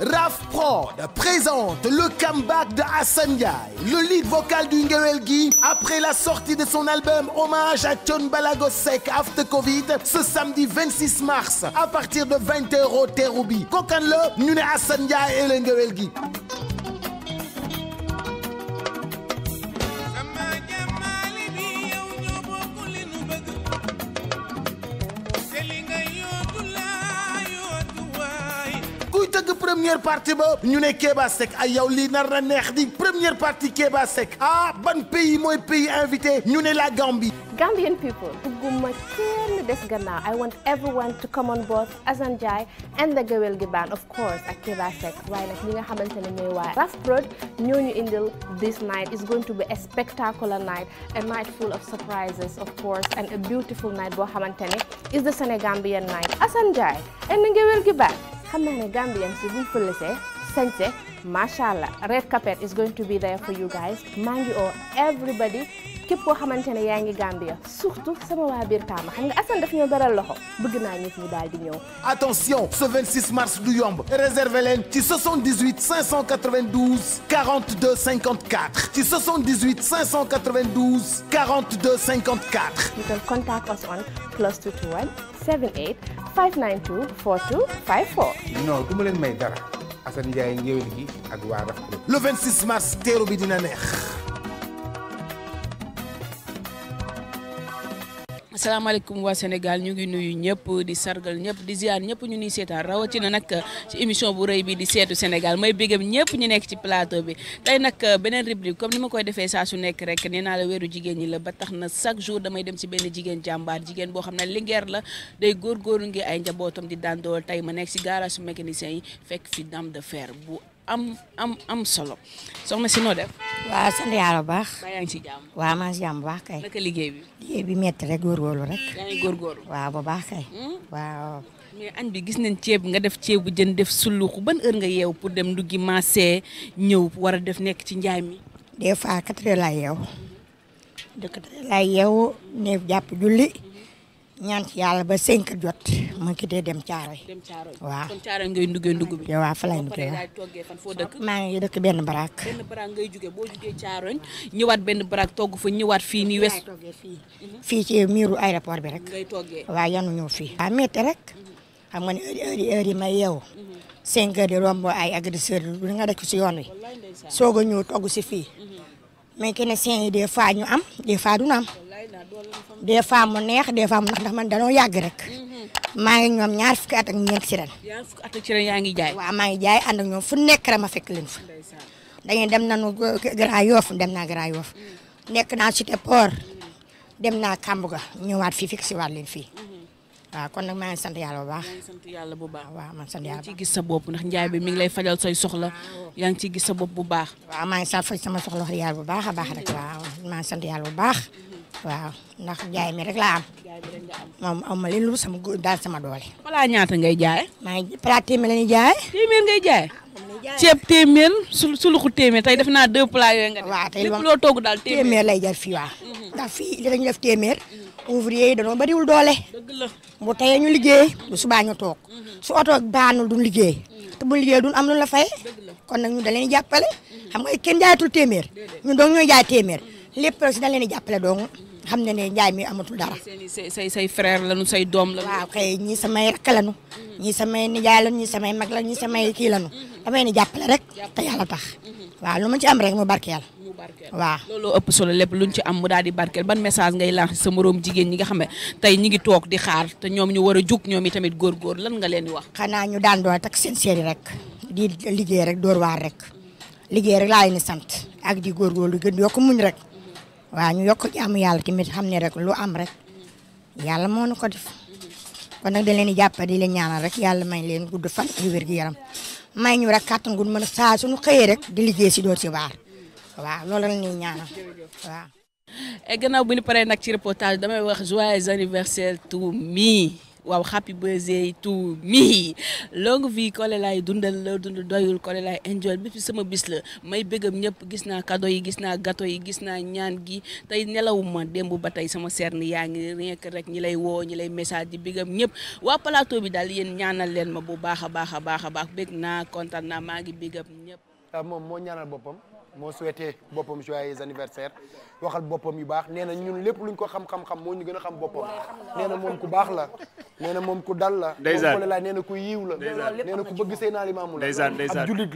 Raf Prod présente le comeback de Assane Ndiaye, le lead vocal du Ngewel Gi après la sortie de son album Hommage à Thione Balago Seck After Covid ce samedi mars à partir de 20h au Terrou-Bi. Kookan la ñu ne Assane Ndiaye et le Ngewel Gi. première partie ba ñu ne Kéba Seck ay yow lii nar na neex di première partie Kéba Seck ah ban pays mooy pays invité ñu ne la Gambie. Gambian people bugguma kenn des gannaaw I want everyone to come on board Assane Ndiaye and the Gewel gi band of course ak Kéba waaye nag ñi nga xamante ne ñooy waa Raf ñu indil this night is going to be a spectacular night a night full of surprises of course and a beautiful night boo xamante ne is the Senegambian night Assane Ndiaye and the xam naa ne Gambians yi buñ fëlësee sañse macha allah red carpet is going to be there for you guys maa ngi oo everybody képp koo xamante ne yaa ngi Gambia surtout sama waa biir Kaama xam nga Assane daf ñoo beral loxo bëgg naa ñëpp ñu daal di ñëw. attention ce 26 mars du yomb réservé leen ci 78 592 42 54 ci 78 592 42 54. you can contact us on +221 78. 592 42 54. non du ma leen may dara Assane Ndiaye ngéwél gi ak waa Rafet. le 26 mars teeru bi dina neex. asalaamaaleykum waa Sénégal ñu ngi nuyu ñëpp di sargal ñëpp di ziar ñëpp ñu nuy seetaan rawatina nag ci émission bu rëy bi di seetu Sénégal may bégam ñëpp ñu nekk ci plateau bi tey nag euh, beneen rib rubrique comme ni ma koy defee saa su nekk rek nee naa la weeru jigéen ñi la ba tax na chaque jour damay dem si benn jigéen jàmbaar jigéen boo xam ne lingeer la day góorgóorlu ngi ay njabootam di daan dool tey ma nekk si garage su mécanicien yi fekk fi dame de fer bu am am solo soxna si noo def. waaw sant yàlla bu baax. maa ngi si jàmm. waaw maa ngi si jàmm bu baax kay. liggéey bi. liggéey bi métti rek góorgóorlu rek. yaa ngi góorgóorlu. waaw bu baax kay. Hmm? waaw. mais añ bi gis nañ ceeb nga def bu jën def suluxu ban heure nga yeew pour dem nduggi marché ñëw war a def nekk ci njaay mi. des fois quatre heures laay yeew. dëkk laay yeew julli. ñaan ci yàlla ba 5 jot ma kitee dem Thiaroye. dem Thiaroye waaw kon Thiaroye ngay duggee ndugg bi. waaw fa lay duggee waaw maa ngi dëkk benn baraak. benn baraak ngay jugee boo jugee Thiaroye ñëwaat benn baraak togg fa ñëwaat fii nii wes. Mhm. fii ci miiru aéroport bi rek. ngay toggee waaw yanu ñëw fii. waaw métti rek. Mhm. am nga ne heure yi heure yi may yeewu. 5 mhm. heures di romb ay agresseur lu nga def ci yoon wi. soog a ñëw togg si fii. mais kenn 5 yi des fois ñu am des fois du am. des fois mu neex des fois mu ndax man danoo yàgg rek mm-hmm. maa ngi ñoom ñaar fukki at ak ñeent ci ren. ñaar fukki at ak ci ren yaa ngi jaay. waaw maa ngi jaay ànd ak ñoom fu nekk rek ma fekk leen fa. dañuy dem nañu Grand Yoff dem naa Grand Yoff mm. nekk naa Cité Port dem naa Kambuga ñëwaat fii fekk si waat leen fii. Mm-hmm. waaw kon nag maa ngi sant yàlla bu baax maa ngi sant yàlla bu baax waaw man sant yàlla bu baax yaa ngi ciy gis sa bopp ndax njaay bi mi ngi lay fajal say soxla yaa ngi ciy gis sa bopp bu baax. waaw maa ngi sant faj sama soxla wax yàlla bu baax a baax rek mm-hmm. waaw maa ngi sant yàlla bu baax waaw ndax jaay mi rek laa am. am moom lu sama daal sama doole. balaa ñaata ngay jaay. maa ngi plat téeméer la ñuy jaay. téeméer ngay jaay. Ah, ceeb téeméer su suluxu téeméer tey def naa deux plats yooyu nga def. waaw tey lépp loo togg daal téeméer lay jar fii waaw. Mhm. ndax fii li dañu def téeméer. ouvrier yi dañoo bariwul doole. dëgg la bu teyee ñu liggéey bu subaa ñu toog. Mhm. su oto baanul duñ liggéey. Mhm. te am lu la fay. kon nag ñu da leen jàppale. xam nga kenn jaayatul téeméer. ñu doog ñooy jaay lépp na leen di jàppale xam na ne njaay mi amatul dara. say say say frère lanu say doom lanu. ñii samay rakk lanu. ñii samay nijaay lanu ñii samay mag lanu ñii samay kii lanu. Mm-hmm. damay ni jàppale rek te yàlla tax. Mm-hmm. waaw lu ma ci am rek mu barkeel. waaw looloo ëpp solo lépp luñ ci am mu daal di barkeel ban message ngay lancé sa moroom jigéen ñi nga xam ne tey ñi ngi toog di xaar te ñoom ñu war a jug ñoom itamit góor-góor lan nga leen di wax. xanaa ñu daan doon tak seen séeri rek di liggéey rek dóor waar rek liggéey rek laa leen di sant ak di góorgóorlu gën yokk muñ rek waaw ñu yokk ci am yàlla tamit xam ne rek lu am rek yàlla moo nu ko def kon nag dañ leen di jàpp di leen ñaanal rek yàlla may leen gudd fan ak wér gu yaram may ñu rek kàttan gu mën a saa suñu xëyee rek di liggéey si door si waar waaw loolu la ñuy ñaanal waaw. Eh, gannaaw bu ñu paree nag ci reportage damay wax joyeux anniversaire to me. waaw happy birthday to me longue vie Collé ay dundal la dund doyul Collé laay enjoy bi sama bis la may bëggam ñëpp gis naa cadeau yi gis naa gâteau yi gis naa ñaan gi tey nelawuma démb ba tey sama cerne yaa ngi nekk rek ñi lay woo ñi lay message di bëggam ñëpp waa bi daal yéen ñaanal leen ma bu baax a baax a baax a baax bëgg naa kontaan naa maa ngi bëggam ñëpp. moom moo ñaanal boppam moo souhaité boppam joyeux anniversaire. waxal boppam yu baax nee na ñun lépp luñ ko xam-xam-xam moo ñu gën a xam boppam nee moom ku baax la nee na moom ku dal la moom na ku yiiw la nee na ku bëgg Seydina Limaamu la ab julit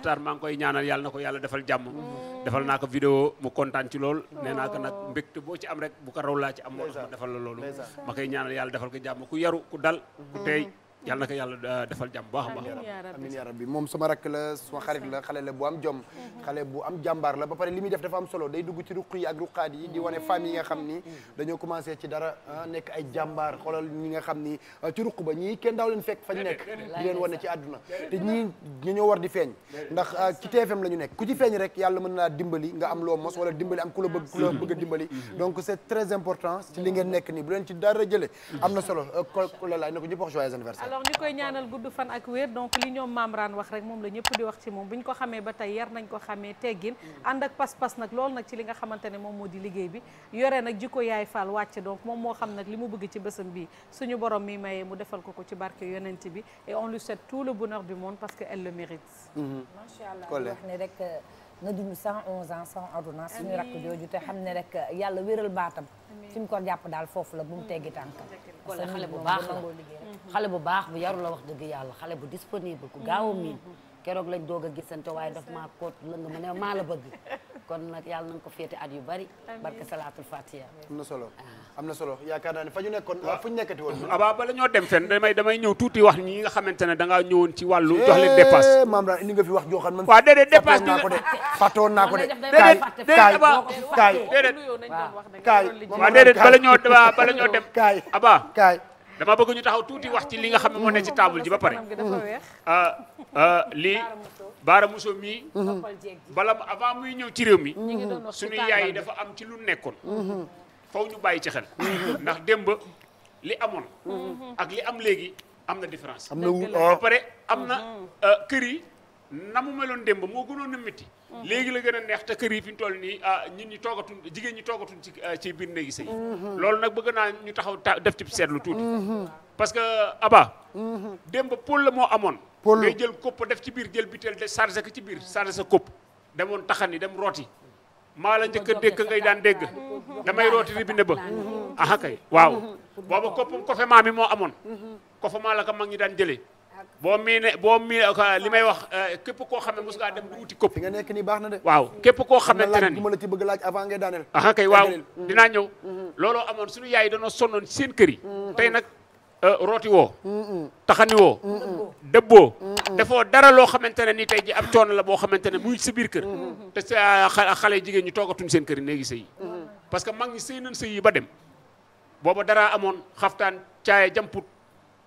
euh, maa ngi koy ñaanal yàlla na ko yàlla defal jàmm mm-hmm. defal naa ko vidéo mu kontaan ci lool nee naa nag mbégte boo ci am rek bu laa ci am moo tax mu defal la loolu ma koy ñaanal yàlla defal ko jàmm yaru ku dal ku teey yàlla na ko yàlla euh, defal jàmm baax a baax amiin yaa rabbi moom sama la sama la xale la bu am jom mhm. xale bu am jàmbaar la ba pare li muy def dafa am solo day dugg ci ruq yi ak yi di wane yi nga xam ni mhm. dañoo commencé ci dara ah, nekk ay jàmbaar xoolal ñi nga xam ni ah, ci ruq ba ñii kenn daaw leen fekk fañ nekk di leen wane ci àdduna te ñu ñoo war di feeñ ndax ah, ci TFM la ñu nekk ku feeñ rek yàlla mën naa dimbali nga am loo wala dimbali am ku la bëgg ku la mhm. bëgg a li ngeen nekk nii bu leen ci dara jële am na solo euh, ko la laay na ko alors ñu koy ñaanal gudd fan ak wér donc li ñoom maam wax rek moom la ñëpp di wax ci moom bu ñu ko xamee ba tey yar nañ ko xamee teggin ànd ak pas-pas nag lool nag ci li nga xamante ne moom moo di liggéey bi yore nag jikko yaay faal wàcc donc moom moo xam nag li mu bëgg ci bésam bi suñu borom mi mayee mu defal ko ko ci barke yonent bi et on lui souhaite tout le bonheur du monde parce que elle le mérite mm-hmm. macha allah wax ni rek euh, nga dund 111 ans sans ordonnance suñu rakk jooju te xam ne rek yàlla wéral baatam fi mu ko jàpp daal foofu la bu mu teggi tànkam wala xale bu baax la mm-hmm. xale bu baax bu yaru la wax dëgg yàlla xale bu disponible ku gaaw a miin mm-hmm. keroog lañ doog a gisante waaye daf maa koot la nga ma ne maa la bëgg kon nag yàlla na nga ko féete at yu bari. barke salaatul fatiha. am na solo ah. am na solo yaakaar naa ne fa ñu nekkoon. waaw fu bala ñoo dem fenn damay damay ñëw tuuti wax ñi nga xamante ne da ci wàllu jox leen eh, dépasse. maam daal indi nga fi wax joo xam man. waaw déedéet dépasse bi fàttoon naa ko de. déedéet déedéet abaa bala ñoo dem kaay dama bëgg ñu taxaw tuuti wax ci li nga xam ne moo ne ci table ji ba pare. Mm-hmm. Ah, ah, lii Baara Mousso mii. bala avant muy ñëw ci réew mi. Mm-hmm. suñu yaay yi dafa am ci lu nekkoon. Mm-hmm. faw ñu bàyyi ci xel. ndax démb li amoon. ak li am léegi am na différence. am na ba oh. pare am na ah, kër yi. na mu meloon démb moo gënoon na métti mm-hmm. léegi la gën a neex te kër yi fi ñu toll nii ah, ñun ñi toogatuñ jigéen ñi toogatuñ ci ah, ci biir néegi sëy mm-hmm. loolu nag bëgg naa ñu taxaw def ci seetlu tuuti mm-hmm. parce que Aba démb pôle la moo amoon ngay jël kopp def ci biir jël biteel de chargé ko ci biir chargé sa kopp demoon taxani dem rooti maa la njëkk a dégg ngay daan dégg damay rooti ribine ba aha kay waaw booba koppam kofe maa moo amoon kofe maa la ko mag ñi daan jëlee boo miinee boo miinee li wax euh, képp koo xam ne mos ngaa dem du uti këpp. fi nga nekk nii baax na de. waaw képp koo xam ne teneen ni ma la ci bëgg laaj avant ngay daaneel. ah kay waaw dinaa ñëw. looloo amoon suñu yaay yi dañoo sonnoon seen kër yi. tey nag euh, rooti woo. taxani woo. dëbboo. dafoo dara loo xamante ne nii tey ji ab coono la boo xamante ne muy si biir kër. te sa xale jigéen ñi toogatuñ seen kër yi néegi sëy parce que mag ñi sëy nañ sëy yi ba dem. booba dara amoon xaftaan caaya jamput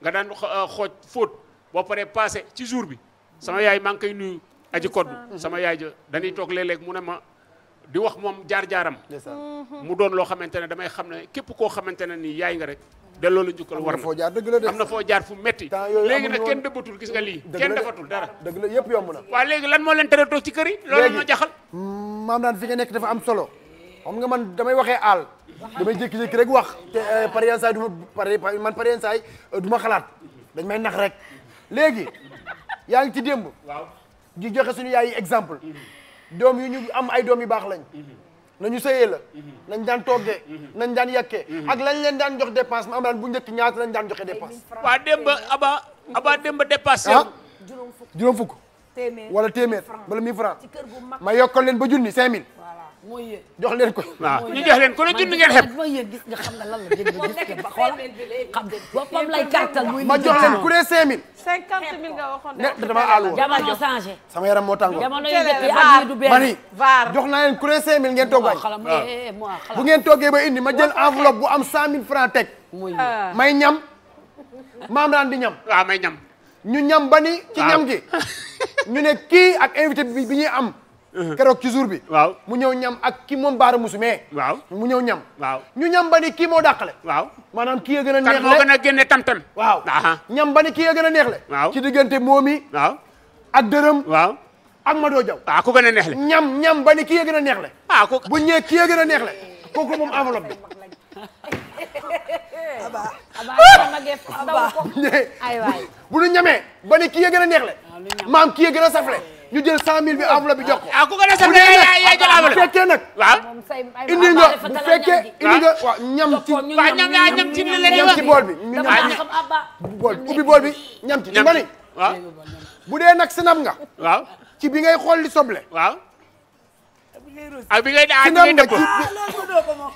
nga daan euh, xooj fóot boo paree passé ci jour bi sama yaay maa ngi koy nuyu aji koddu mm-hmm. sama yaay ja toog léeg-léeg mu ne ma di wax moom jaar-jaaram mm-hmm. mu doon loo xamante ne damay xam ne képp koo xamante ne nii yaay nga rek delloo la njukkal war na am na foo jaar fu metti léegi nag kenn dëbbatul gis nga lii kenn defatul dara dëgg la yëpp yomb na waaw léegi lan moo leen tere toog ci kër yi loolu ma jaxal mm, maam naan fi nga nekk dafa am solo xam nga man damay waxee aal damay jékki-jékki rek wax te eh, par yenn saa yi man par yenn saa yi eh, du ma xalaat dañ may nax rek léegi yaa ngi ci démb. waaw di joxe suñu yaay yi exemple. doom yu ñu am ay doom yu baax lañ. nañu sëyee la. Mhm. nañ daan toggee. Mhm. nañ daan yàkkee. Mhm. ak lañ leen daan jox dépense ma am daan bu njëkk ñaata lañ daan joxe dépense. waa démb aba aba démb dépense. ah juróom fukk juróom fukk. téeméer wala téeméer wala 1000 francs ma yokkal leen ba junni mille mooy jox leen ko waaw ñu jox leen ko ne junni ngeen xeeb nga xam nga lan la gis nga xoola xam boppam lay gàttal muy ma jox leen ku ne cinq mille cinquante mille ne dama àll woon jamono changé sama yaram moo tàngoo jamono yu jox naa leen ku ne cinq mille ngeen eh, bu ngeen toogee ba indi ma jël enveloppe bu am cent mille francs teg ah. may ñam maam daan di ñam waaw may ñam ñu ñam ba ni ci ñam gi ñu ne kii ak invité bi bi ñuy am Uh-huh. keroog ci jour bi. waaw mu ñëw ñam ak ki moom baara musume. waaw mu ñëw ñam. waaw ñu ñam ba ni kii moo dàqale. waaw maanaam kii gën a neexle kan moo gën a génne tam-tam. waaw ñam ba ni kii ya gën a neexle. waaw ci diggante moomi. waaw ak dërëm. waaw ak Mado Jaw. waaw ah, ku gën a neexle. ñam ba ni ki ya gën a neexle. ah ku bu ñëwee ki ya gën a neexle kooku moom enveloppe bi. abaa abaa ah! bu ñu ñamee ba ni kii ya gën a neexle. Ah, maam kii ya gën a safle. ñu jël cent mille bi enveloppe bi jox ko. ah ku ko dese yaay jël enveloppe bu fekkee nag. waaw indi nga bu fekkee indi nga waaw ñam ci. waaw ñam yaa ñam ci li leen bool bi. ubbi bool bi ñam ci ma bu dee nag sinam nga. waaw ci bi ngay xool li soble. waaw. ah bi ngay ah bi ngay dëpp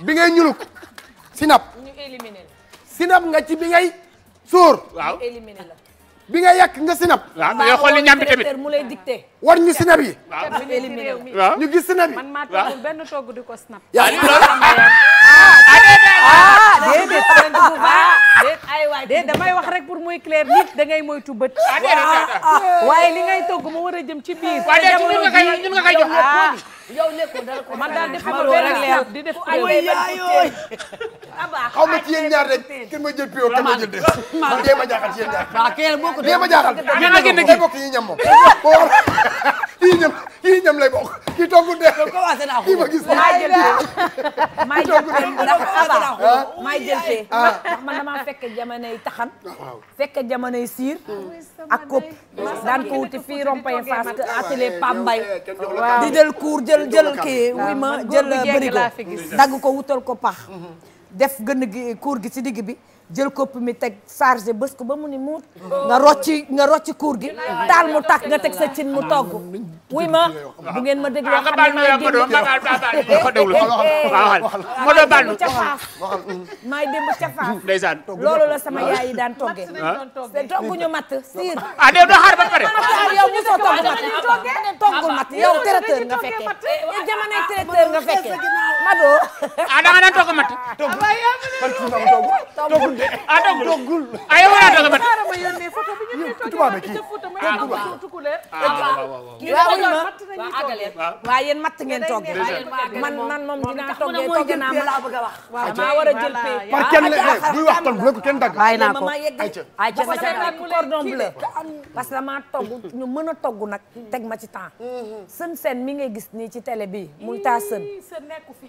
bi ngay ñuluk sinap. sinap nga ci bi ngay sóor. bi nga yàq nga sinap. waaw mais yow xool li ñam bi tamit mu lay dicté. war ñu sinap waaw ñu gis sinap yi. man maa benn togg di ko sinap. yaa déedéet sant bu ay waay déet damay wax rek pour muy clair nit da ngay moytu bët. waaye li ngay togg ma war a jëm ci biir. waaw déet ñun nga koy ñun nga koy jox yow nekkul dara ko man daal def ma rek di def xaw ma ci yéen ñaar rek kenn ma jël pio kenn ma jël des man ma jaaxal ci yéen ñaar. waaw kii bokk na ma jaaxal. ñenn a ngi nekk bokk yi yii ñam yii ñam lay bokk ki togg de commencé naa ko ma gis maay jël maay jël fee ah. ah. ndax man damaa fekk jamonoy taxan ah, siir ak kopp daan ko wuti fii rompaye Fass atelier Pambay di jël kuur jël jël kii wi ma jël bërigo dagg ko wutal ko pax mm-hmm. def gën kuur gi ci digg bi jël kopp mi teg chargé bës ko ba mu ni muut nga rocci nga rocci kuur gi taal mu tàkk nga teg sa cin mu togg wuy ma bu ngeen ma dégloo la ne may démb ca faas may démb ca faas ndeysaan loolu la sama yaay yi daan togge te togguñu matt siir ah de doo xaar ba pare ma mosoo togg matt toggul matt yow traiteur nga fekkee yow jamonoy traiteur nga fekkee matoo. ah a mat. toogul toogul de ah toogul. ah yow daa toog a mat. waaw yéen ngeen toog man man moom dinaa toggee toog naa ma laa bëgg a wax. maa war a jël pay. par kenn wax toog bu la ko kenn dagg. bàyyi ko ayca na ca cordon parce que maa togg ñu mën a togg nag teg ma ci temps. Mm-hmm. sën seen mi ngay gis nii ci télé bi muy taa sën.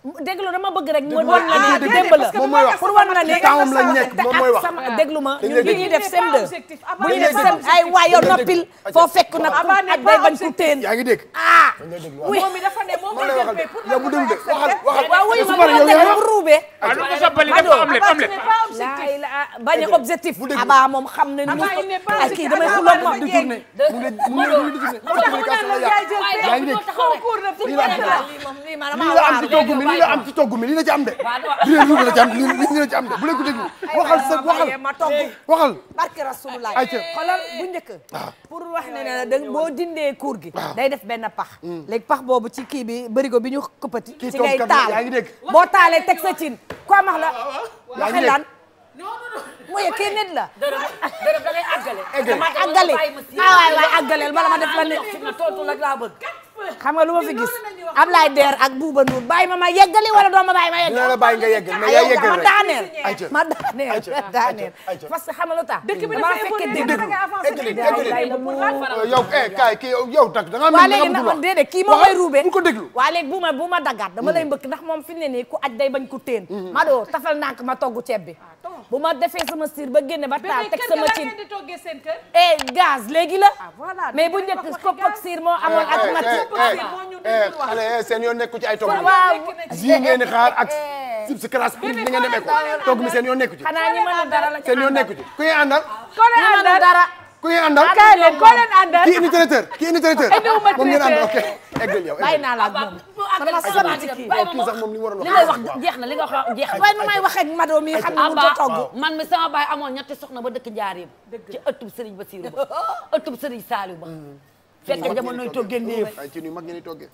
déglu dama bëgg rek. ma doon la ni démb la moom mooy wax pour war na ne temps la nekk moom mooy wax sama ma ñu def sem de bu ñuy def sem foo fekk nag ku ak day bañ ku teen ah oui moom mi ne moom la jëppee pour yow bu déglu de waxal waxal kii damay xuloo ma di tourné mu ngi lii la am ci togg mi lii la ci am de. lii la lii la ci am lii la ci am de bu leen ko déglu. waxal sa waxal waxal. barke rasulullah. ayca xoolal bu ah. wax ne ne da boo din kuur gi. Ah. day def benn pax. Hmm. léegi pax boobu ci kii bi bërigo bi ñu këppati. ci ngay taal boo taalee teg sa cin. koo max la waxee lan. mooy kii nit la. dërëb da ngay àggale. àggale ah waay waay àggaleel ma la ma def la ne. tontu rek laa bëgg. xam nga lu ma fi gis Ablaye Der ak Bouba Ndour bàyyi ma ma yeggali wala doo ma bàyyi ma yeggali. la bàyyi nga yeggal mais yaa ma daaneel. ma daaneel parce que xam nga lu tax. dëkk bi dafa évolué dëkk bi yow eh, kay kii yow tak ruube. bu ko déglu waaye léegi ma bu ma daggaat dama mm. ndax moom fi mu ne nii ku aj day bañ ku teen. ma doo tafal nànk ma togg ceeb bi bu ma defee sama siir ba génne ba taal teg sama cin bébé kër ga la ngeen toggee seen kër. eh gaz léegi la. Ah, mais bu njëkk kopp eh, eh, eh, ak siir moo amoon ak mati. xale seen yoon nekku ci ay togg. waaw ji ngeen xaar ak. si classe bi ni ngeen demee ko togg mi seen yoon nekku ci. xanaa ñi mënul dara la seen ku ngeen àndal ah, kaay leen koo leen àndal kii indi traiteur kii indi traiteur moom ngeen àndal ok eggal yow bàyyi naa la ak moom sama sama ci kii kii sax moom li waroon li ngay wax jeex na li nga wax jeex na waaye nu may waxee ak madoo mi xam ne ba dëkk njaareem ci ëttub Serigne Bassirou ba ëttub Serigne Saliou ba fekk jamonoy toggee ndéef ci ñu mag ngeen toggee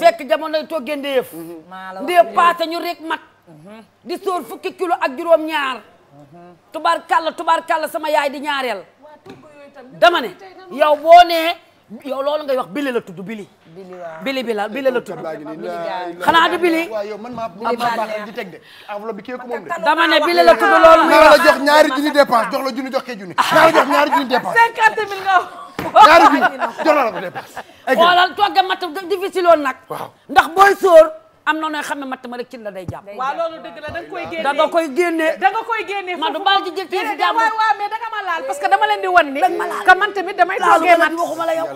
fekk jamonoy toggee ndéef mhm. ndéef paase ñu rek mat mhm. di sóor fukki kilo ak juróom ñaar mhm. tubaar kàlla tubaar kàlla sama yaay di ñaareel dama ne yow boo nee yow loolu ngay wax bili la tudd bili. bili waaw bili bi la bili la tudd. xanaa du bili. waaw yow man maa am maa baax di teg bi kii ko moom de. dama ne bili la tudd loolu muy wax. la jox ñaari jox la naa la jox ñaari junni dépense. cinquante mille nga wax. ñaari junni jox la la ko dépense. xoolal woon nag. waaw ndax booy am na nooy xam ne mat ma rek cin la day jàpp. waaw loolu dëgg la da nga koy génne da nga koy génne. da ma du baal ji jël fii laal parce que dama leen di wan ni. dama laal ka man tamit damay toogee matt. waxuma la yow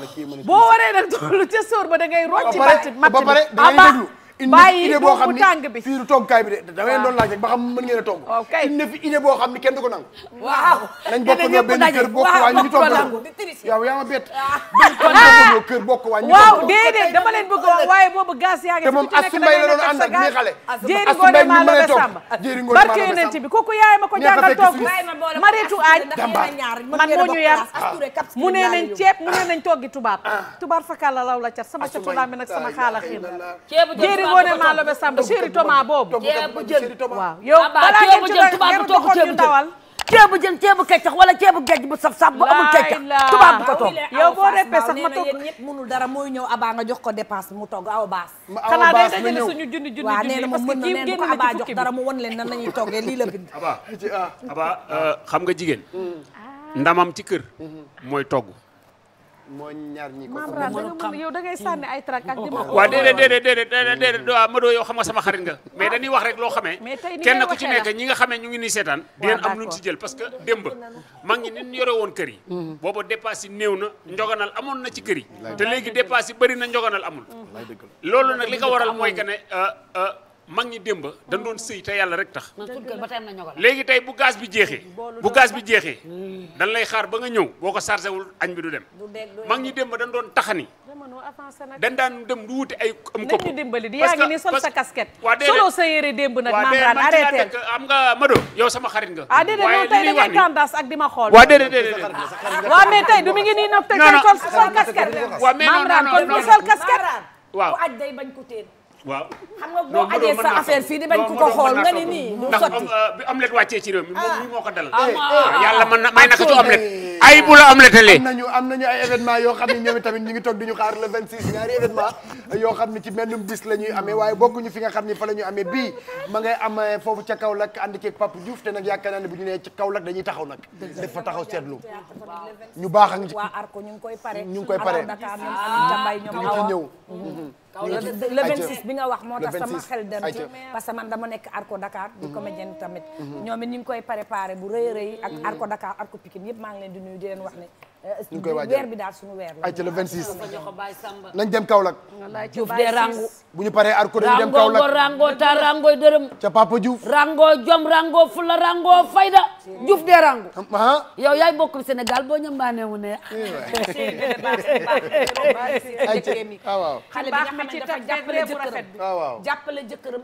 boo waree nag toolu ca sóor ba da ngay rocci matt bi ba pare da ngay déglu bàyyi idée boo xam ni fii du togg kaay bi de dama leen doon laaj rek ba xam mën ngeen a togg indi fi idée wax waaye boobu gaz yaa te moom Astou Mbaye la doon xale jéeri ngoone maa la ba sàmba jéeri ma ko jàngal togg Mariétou Agne man moo ñu yar mu ne nañ ceeb mu ne nañ toggi tubaab ah. tubaab fakala law la cat sama catu laa mi nag sama xaala xiir Ngoné Malobe Samb chéri Thomas boobu. ceebu jën waaw yow balaa ngeen ci rek ngeen doxoon ñu ndawal. ceebu jën ceebu keccax wala ceebu géej bu saf saf bu amul keccax tubaab bu ko toog yow boo reppee sax ma toog ñëpp mënul dara mooy ñëw abaa nga jox ko dépense mu togg aw baas xanaa day dajale suñu junni junni waaw nee na moom mën na nee na ko abaa jox dara mu won leen nan nañuy toggee lii la bind abaa abaa xam nga jigéen mm. ndamam ci kër mm-hmm. mooy togg moo ñaar ñi ko yow da ngay sànni ay trac ak oh, di ma oh, oh, waaw déedéet déedéet déedéet déedéet waaw Mado yow xam nga sama xarit nga ah. mais dañuy wax rek loo xamee kenn ku ci nekk ñi nga xamee ñu ngi nii seetaan di ngeen am luñ si jël parce que démb mag ñi nin yore woon kër yi mm-hmm. booba dépasse yi néew na njoganal amoon na ci kër yi te léegi dépasse yi bëri na njoganal amul loolu nag li ko waral mooy que ne euh, euh, mag ñi démb dañ doon sëy te yàlla rek tax léegi tey bu gaz bi jeexee bu gaz bi jeexee hmm. dañ lay xaar ba nga ñëw boo ko chargé wul añ bi du dem mag ñi démb dañ doon taxani dañ daan dem du wuti ay am kopp yaa ngi sa sa yére démb nag maanaam arrêté am nga Mado yow sama xarit nga ah déedéet noonu tey da ngay tendance ak di ma xool waa déedéet déedéet waa mais tey du mi ngi nii nag tey sol sol casquette waa mais non non sol casquette waaw waaw xam nga boo ajee sa affaire fii di bañ ku ko xool nga ni nii mu sotti euh, bi omelette wàccee ci réew mi moom ah. mii moo ko dal ah. Eh, ah. yàlla ma na may naka ci omelette ay bu la omelette lee am nañu am nañu ay événement yoo xam ne ñoom tamit ñu ngi toog di ñu xaar le 26 ñaari événement yoo xam ne ci mennum bis la ñuy amee waaye bokkuñu nga xam ne fa la ñuy amee bii ma ngay am euh, foofu ca Kaolack ànd ceeg Pape Diouf te nag yaakaar naa ne bu ñu nee ci Kaolack dañuy taxaw nag def fa taxaw seetlu ñu baax a ngi ci waa ñu ngi koy pare ñu ngi koy pare ñu ngi ci ñëw mm-hmm. le 26 bi nga wax moo tax sama xel dem ci parce que man dama nekk arco Dakar di mhm. comédienne tamit mhm. ñoom it ñu ngi koy préparé bu rëy rëy ak mhm. arco Dakar arco Pikine yëpp maa ngi leen di nuyu di leen wax ne ñu koy waajal weer bi daal suñu weer la. ay ci le 26 nañ dem Kaolack. Diouf de rango. bu ñu paree ar ko dañu dem Kaolack rango rango ta rango dërëm. ca Papa Diouf. rango jom rango fula rango fayda. Diouf de rango. Ah, ah. yow yaay bokkul Sénégal boo ñëmbaane wu ne. ay ci ah, waaw. xale bi nga xam jëkkëram. waaw jàppale jëkkëram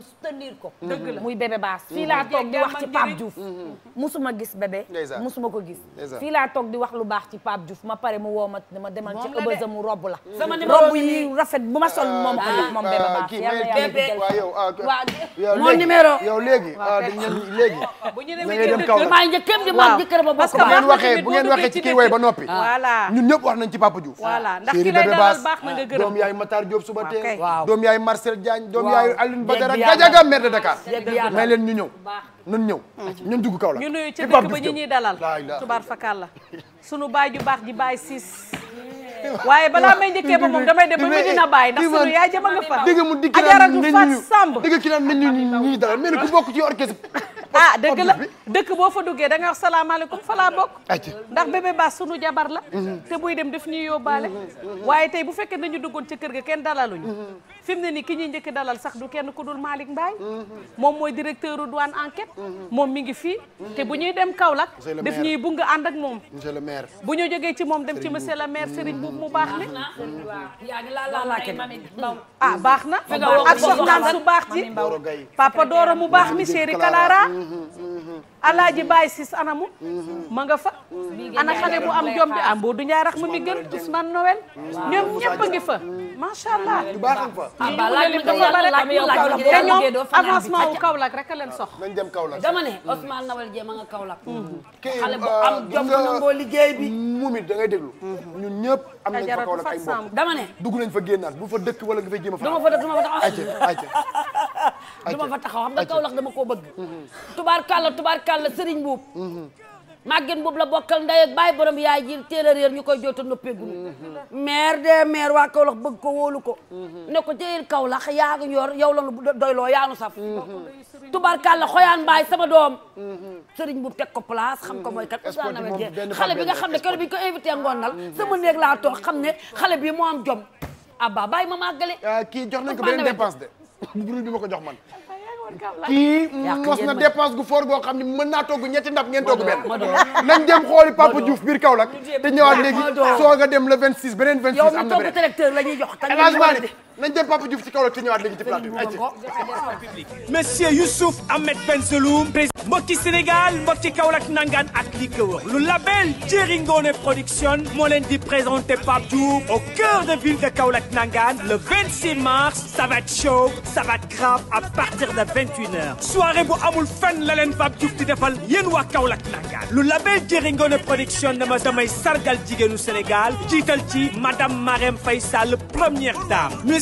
ko. Mm-hmm. muy bébé baas. Mm-hmm. Mm-hmm. fii laa toog di wax musuma gis ko gis. lu baax ci Pape Diouf Diouf ma pare mu woo ma dama demal ci ëbëza mu robb la robb yi rafet bu ma sol ah, moom ko jox moom bébé ah, baax waaw yow ah, waaw mon numéro yow léegi léegi bu ñu demee dem kaw maa njëkkam di ma jëkkër ba parce que bu ngeen waxee bu ngeen waxee ci kii way ba noppi voilà ñun ñëpp wax nañ ci Papa Diouf voilà ndax ki lay dalal baax na nga gërëm doom yaay Matar Diop suba tee doom yaay Marcel Diagne doom yaay Aline Badara Gadiaga maire de Dakar may leen ñu ñëw nan ñëw. ñun dugg kaw la ñu nuyu ca dëkk ba ñu ñuy dalal. tubaar fakal la sunu baay ju baax ji baay siis. waaye balaa may njëkkee ba moom damay dem ba Medina Baye ndax sunu yaay jëma nga fa. dëgg mu dikki naan nañu Ajaratu Fatou Samb. dëgg ki naan nañu ñuy dalal mel ni ku bokk ci orchestre. ah la dëkk boo fa duggee da nga wax salaamaaleykum fa laa bokk. ndax bébé ba sunu jabar la. Mhm. te buy dem daf ñuy yóbbaale. Mhm. waaye tey bu fekkee nañu duggoon ca kër ga kenn dalaluñu. Mhm. fi mu ne nii ki ñuy njëkk dalal sax du kenn ku dul Malick Mbaye moom mooy directeur du douane enquête moom mi ngi fii te bu ñuy dem Kaolack def ñuy bung ànd ak moom monsieur le bu ñu jógee ci moom dem ci monsieur le maire Serigne Boub mu baax li ah, ah baax na ak soxnaan su baax ji papa Doro mu baax mi chéri ji mm-hmm, mm-hmm. alaaji Baye Ciss anamu mm-hmm. ma nga fa ana xale bu am jom bi am ah, boo du ñaarax ma mi gën Ousmane Noël ñoom ñëpp ngi fa macha allah du baaxam fa. ah ñoom avancement wu Kaolack rek a leen sox. nañ dem Kaolack dama ne Ousmane Nawal Dieng ma nga Kaolack. Mm. xale bu euh, am jom nangoo liggéey bi. Moumit da ngay déglu. Mm-hmm. ñun ñëpp am nañ fa Kaolack ay mbokk. dama ne dugg nañ fa génnaat bu fa dëkk wala nga fay jéem a fa. dama fa dëkk dama fa taxaw. dama fa taxaw xam nga Kaolack dama koo bëgg. Mm-hmm. tubaarkàlla tubaarkàlla Serigne Boub mm-hmm. màggeen boobu la bokkal ndey ak baay borom yaay ji teel a réer ñu koy jooyta noppeegunu maire de maire waa Kaolack bëgg ko woolu ko ne ko jëyil Kaolack yaa ngi yor yow lanu doyloo yaanu saf tubarkàlla xoyaan mbaay sama doom sëriñ bu teg ko place xam ko mooy kat usa nawet je xale bi nga xam ne keroog bi ñu ko invité ngoonal sama néeg laa toog ne xale bi moo am jom abba bàyyi ma màggale ah, kii jox nañ ko beneen dépense de bruit ma ko jox man kii mos na dépense gu fort goo xam ne mën naa togg ñetti ndab ngeen togg benn nañ dem xooli Papa Diouf biir Kaolack te ñëwaat léegi soo nga dem le 26 beneen 26 am na beneen yow mi togg nañ dem Papa Diouf ci kaw la te ñëwaat léegi ci plateau monsieur Youssouf Ahmed Benzeloum président mbokki Sénégal ak li ko wër lu label Jeri Ngoné moo leen di présenter Pape Diouf au cœur de ville de Kaolack nangaan le 26 mars ça va bu amul fenn la leen Pape Diouf di defal yéen waa Kaolack nangaan lu label Jeri Ngoné Production dama damay sargal jigéenu Sénégal ci madame Marème Faye Sall première dame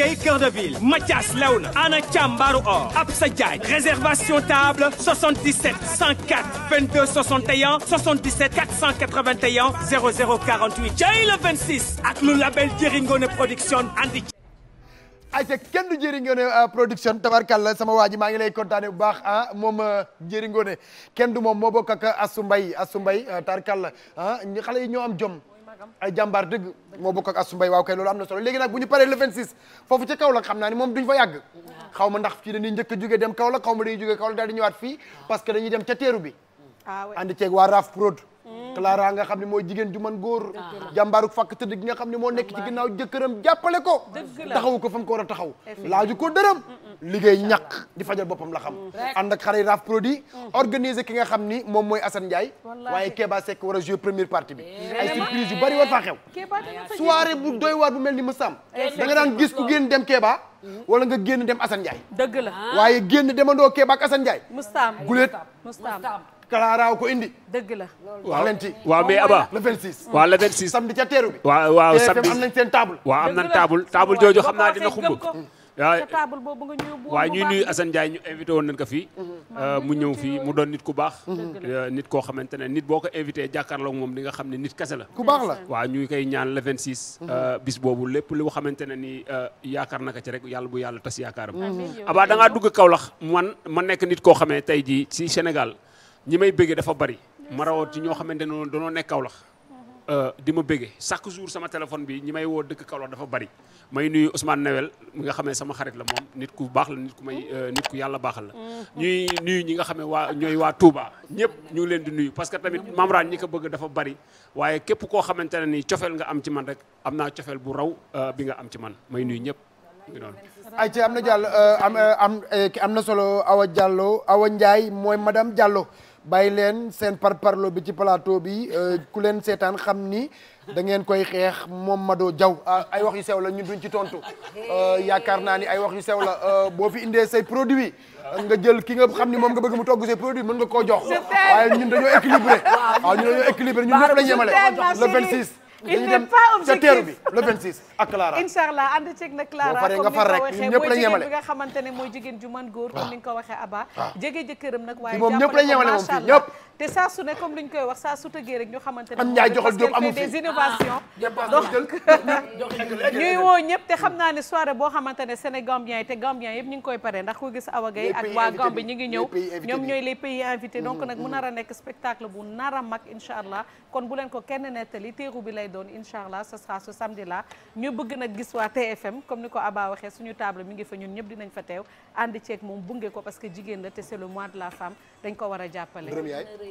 Gueye Cœur de Ville Mathias Lewna Anna Thiam Mbaru Or Absa Diagne réservation table 77 104 22 61 77 481 0048 jay le 26 ak lu label Jëringone production andi ayca kenn du jëringone euh, production tabarkalla sama waa ji maa ngi lay kontaane bu baax ah moom euh, jëringone kenn du moom moo bokk ak Assou Mbaye Assou Mbaye euh, tarkalla ah xale yi ñoo am jom ay jàmbaar dëgg moo bokk a Assou Mbaye waaw kay loolu am na solo léegi nag bu ñu paree le 26 foofu ci Kaolack xam naa moom duñ fa yàgg xaw ma ndax fii dañuy njëkk a jógee dem Kaolack xaw ma dañuy jógee Kaolack daal di ñëwaat fii parce que dañuy dem ca teeru bi ah, ànd ceeg waa Raf Prod Clara nga xam ne mooy jigéen ju man góor jàmbaaru fàkk tëdd gi nga xam ne moo nekk ci ginnaaw jëkkëram jàppale ko taxawu ko fa mu ko war a taxaw laaju ko dërëm mm, mm. liggéey ñàkk di fajal boppam la xam mm. ànd ak xare raaf produit organiser ki nga xam ni moom mooy assan Ndiaye waaye Kéba sekk war a jouer première partie bi ay surprise yu bari war faa xew soirée bu doy waar bu mel ni Massam da nga daan gis ku génn dem Kéba mm-hmm. wala nga génn dem Assane Ndiaye dëgg la waaye génn demandoo Kéba ak Assane Ndiaye guleet Kalaaraa ko indi. dëgg la waaw la mais Aba. le 26 waaw le 26. samedi ca teeru bi. waaw waaw samedi am nañ seen table. waaw am nañ table table jooju xam naa dina xumb. waaw table boobu nga ñëw waaw ñuy nuyu Assane Ndiaye ñu invité woon nañ ko mm-hmm. euh, fii. mu ñëw fii mu doon nit ku baax. Euh, nit koo xamante ne nit boo ko invité jàkkaarloog moom di nga xam ne nit kese la. ku baax la waaw ñu koy ñaan le 26. Mm-hmm. Euh, bis boobu lépp lu xamante ne nii yaakaar na ko ci rek yàlla bu yàlla tas yaakaaram. aba da ngaa dugg Kaolack man ma nekk nit koo xamee tey jii ci Sénégal. ñi may bëggee dafa bari ma rawoon ci ñoo xamante ne danoo nekk Kaolack euh, di ma bëggee chaque jour sama téléphone bi ñi may woo dëkk Kaolack dafa bari may nuyu Ousmane newel mu nga xamee sama xarit la moom nit ku baax la nit ku may euh, nit ku yàlla baaxal la ñuy nuyu ñi nga xamee waa ñooy waa Touba ñëpp ñu ngi leen di nuyu parce que tamit Mamran ñi ko bëgg dafa bari waaye képp koo xamante ne nii cofeel nga am ci man rek am naa cofeel bu raw euh, bi nga am ci man may nuyu ñëpp ay ci am na am am na solo Awa Diallo Awa Ndiaye mooy madame Diallo bàyyi leen seen parlo bi ci plateau bi euh, ku leen seetaan xam ni da ngeen koy xeex moom Mado Diaw ah, ay wax yu sew la ñun duñ ci tontu euh, yaakaar naa ni ay wax yu sew la euh, boo fi indee say produit nga jël ki nga xam ni moom nga bëgg mu togg say produit mën nga koo jox waaye ñu dañoo équilibré waaw ah, ñu dañoo équilibré ñun ñëpp la ñemale le 26 il n'est pas objectif teeru bi le 26 ak Clara. incha allah na Clara comme ni nga ko waxee mooy jigéen bi nga xamante ne mooy jigéen ju man góor. comme ni nga ko waxee Aba. Ah. jege jëkkëram nag waaye jàppale ko macha allah te saa su ne comme ñu koy wax saa su tëggee rek ñu xamante ne am ñaay joxal jóob amu ah, ñuy woo ñëpp te xam naa ne soirée boo xamante ne Sénégambien yi te Gambien yëpp ñu ngi koy pare ndax ko gis Awa Gaye ak waa Gambie ñu ngi ñëw ñoom ñëw le pays invités donc mm-hmm. nag mu nar a nekk spectacle bu nara a mag incha allah kon bu leen ko kenn nettali teeru bi lay doon incha allah sa sera ce la ñu bëgg nag gis waa TFM comme ni ko Aba waxee suñu table mi ngi fa ñun ñëpp dinañ fa teew ànd ceeg moom bunge ko parce jigéen la te c'est le la femme dañ ko war a jàppale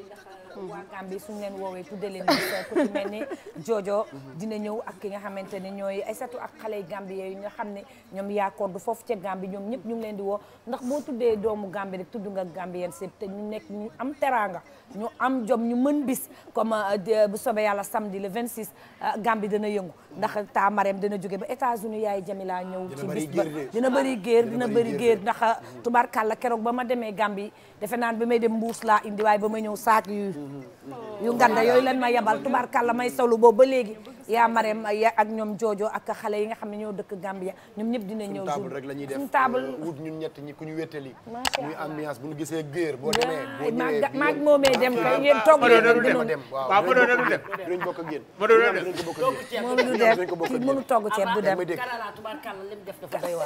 ndax euh, waa Gambie suñu leen woowee tuddee leen ku ci mel ni Jojo dina ñëw ak ki nga xamante ne ñooy Aysatu ak xale yu Gambie yooyu nga xam ne ñoom yaakoor du foofu ca gàmbi ñoom ñëpp ñu ngi leen di woo ndax boo tuddee doomu gàmbi rek tudd nga Gambien sépp te ñu nekk ñu am teraanga ñu am jom ñu mën bis comme euh, bu soobee yàlla samedi le 26 euh, Gambie dana yëngu ndax taa Marème dana jóge ba États-Unis yaay Jamila ñëw ci bis ba dina bëri géer dina bëri géer ndax euh, tubarkàlla keroog ba ma demee Gambie defe naan bi may dem mbuus laa indi waaye ba ma ñëw saak yu mm-hmm. yu nganda yooyu lan ma yabal tubarkàlla may solu boobu ba léegi yaa Marème ak ñoom joojoo ak xale yi nga xam ne ñoo dëkk Gambia ñoom ñëpp dina ñëw table rek la ñuy def euh, wut ñun ñett ñi ñu wéttali muy ambiance bu ñu gisee géer boo demee maag moomee dem kay yéen togg yéen dem waaw ma doon dem dinañ bokk ak yéen ma dem moom du dem mënu togg ceeb du dem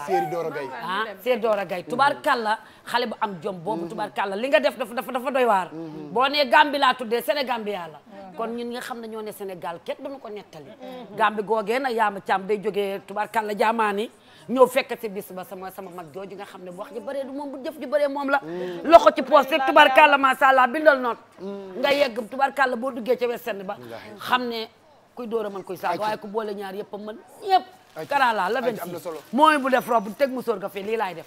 séeri Doro Gaye ah séeri Doro mm-hmm. xale bu am jom boobu mm-hmm. tubaarkàlla li nga def dafa dafa doy waar mm-hmm. boo nee Gambie laa tuddee bi la kon ñun nga xam ne ñoo ne Sénégal kenn duñu ko nettali gambi googee nag yaama càmm day jógee tubaarkàlla jaamaani ñëw fekk ci bis ba sama sama mag jooju nga xam ne bu wax ji bëree du moom bu jëf ji bëree moom la mm. loxo ci poos rek tubaarkàlla macha allah bindal noot mm. nga yegg tubaarkàlla boo duggee ca wesen ba xam ne kuy door a mën kuy saag waaye ku boole ñaar yëpp man mën ñëpp karaala la benn si mooy bu def rob teg musóor nga fii lii laay def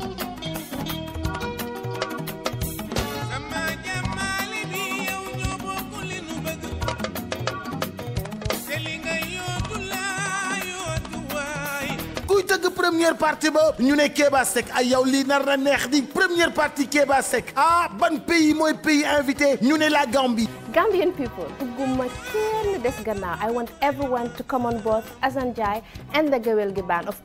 première partie ba ñu ne Kéba Seck ay yow lii nar na neex di première partie Kéba Seck ah ban pays mooy pays invité ñu ne la Gambie. Gambian people bugguma kenn des gannaaw I want everyone to come on board and the Gewel gi band of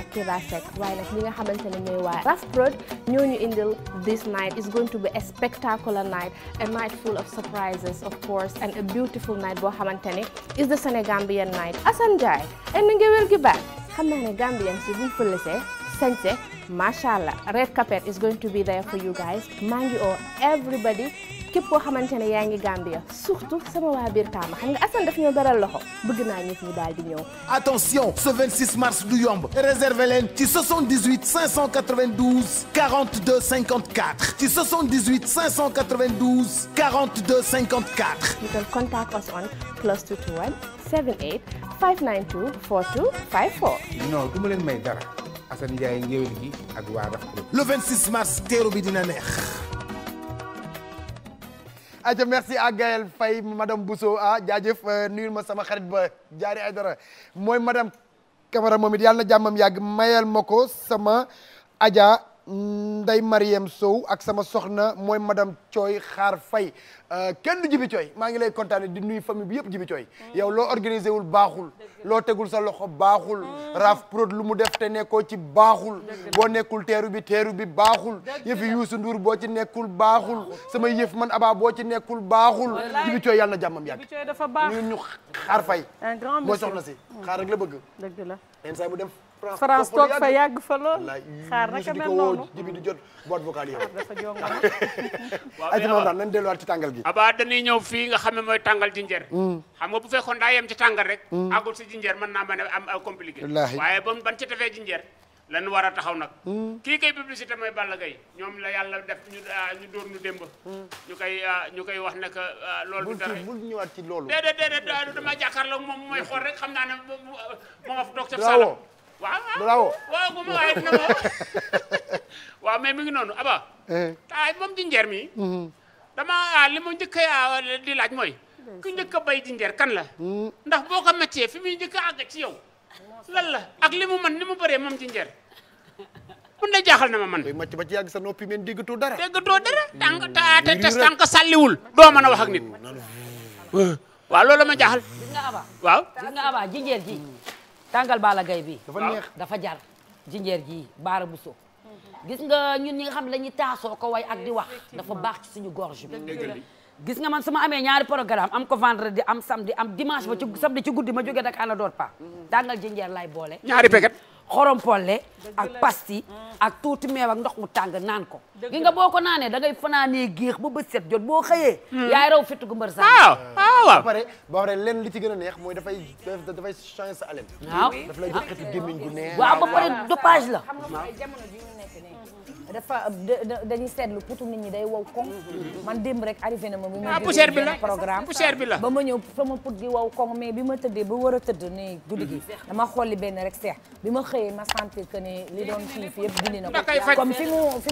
ak Kéba Seck waaye nag ñi nga xamante ne mooy waa Raf Prod ñoo ñu indil this night is going to be a spectacular night a night full of surprises and a beautiful night boo xamante ne is the Senegambian night Assane Ndiaye and the xam naa ne Gambian si buñ fëlësee sañse macha allah red carpet is going to be there for you guys maa ngi everybody képp koo xamante ne yaa ngi Gambia surtout sama waa biir Kaama xam nga Assane daf ñoo beral loxo bëgg naa ñëpp ñu daal di ñëw. attention ce 26 mars du yomb réservé leen ci 78 592 42 54 ci 78 592 42 54. you can contact us on plus 221 78 592 42 54. non du ma may dara Assane Ndiaye ngéwél gi ak waa Rafet. le mars teeru bi dina neex. aja merci à Gaël Faye madame Bousso ah jaajëf euh, nuyul ma sama xarit ba jaari ay dara mooy madame Camara moom it yàlla na jàmmam yàgg mayel ma ko sama aja Ndey Mariam Sow ak sama soxna mooy madam coy Xaar fay Euh, kenn jibi cooy maa ngi lay kontaane di nuyu famille bi yëpp jibi cooy yow loo organisé wul baaxul loo tegul sa loxo baaxul mm. raaf prod lu mu def te nekkoo ci baaxul boo nekkul teeru bi teeru bi baaxul yëfi Youssou Ndour boo ci nekkul baaxul sama yëf man Abba boo ci nekkul baaxul jibi cooy yàlla na jàmmam yàgg dafa baax ñu ñu xaar fay boo soxla si xaar rek la bëgg dëgg la yenn saa France toog fa yàgg fa lool. xaar naka mel noonu jot boîte vocale yow. dafa jongo ma. waaw mais waaw nañ ci tàngal gi. abaa dañuy ñëw fii nga xam ne mooy tàngal jinjeer. Mm. xam nga bu fekkoon daa yem ci tàngal rek. Mm. àggul si jinjeer mën naa mën a am euh, compliqué. waaye ba ban ci defee jinjeer. lan war a taxaw nag. Mm. kii kay publicité mooy Balla Gaye ñoom la yàlla def ñu euh, ñu dóor ñu démb. ñu koy euh, ñu koy wax nag loolu. du dara bul ñëwaat ci loolu. déedéet déedéet dama jàkkaarloo moom mooy xool rek xam naa ne moo nga fa toog ca salam waaw waaw waaw bu waaw mais mi ngi noonu aba ah moom jinjeer mi mm-hmm. dama ah li ma njëkk a ah, di laaj mooy ku njëkk a bay jinjeer kan la mm. ndax boo ko métier fi muy njëkk a àgg ci yow lan la ak li mu mën ni mu bëree moom jinjeer mun na jaaxal na ma man macc ba ci yàgg sa noppi men déggatoo dara déggatoo dara mm. tànk ah, te te tànk sàlliwul doo mën a wax ak nit mm. waaw loolu ma jaaxal gis tàngal Balla gay bi dafa neex ah. dafa jar jinjeer ji baara bu so gis nga ñun ñi nga xam ne dañuy taasoo ko way ak di wax dafa baax ci suñu gorge bi gis nga man su ma amee ñaari programme am ko vendredi am samedi am dimanche ba ci ci guddi ma jógee Dakar na door pa mm-hmm. tàngal jinjeer laay boole ñaari peget xorompolle ak pasti hmm. ak tuuti meew ak ndox mu tàng naan ko gi nga boo ko naanee da ngay fanaanee géex ba bët set jot boo xëyee hmm. yaay raw fitu gu mbër sa ah, ah, waaw waaw pare ba pare lenn li ci gën a neex mooy dafay dafay changer sa alem waaw ah. daf lay jox xetu gémmiñ gu neex waaw ba pare dopage la xam nga jamono dafa dañuy seetlu putu nit ñi day wow koŋ man démb rek arrivé na ma bi ma ah, poussière bi la programme ba ma ñëw sama put gi wow koŋ mais bi ma tëddee ba war a tëdd ni guddi gi mhm. dama xolli benn rek seex bi ma xëyee ma sentir na ko comme fi mu fi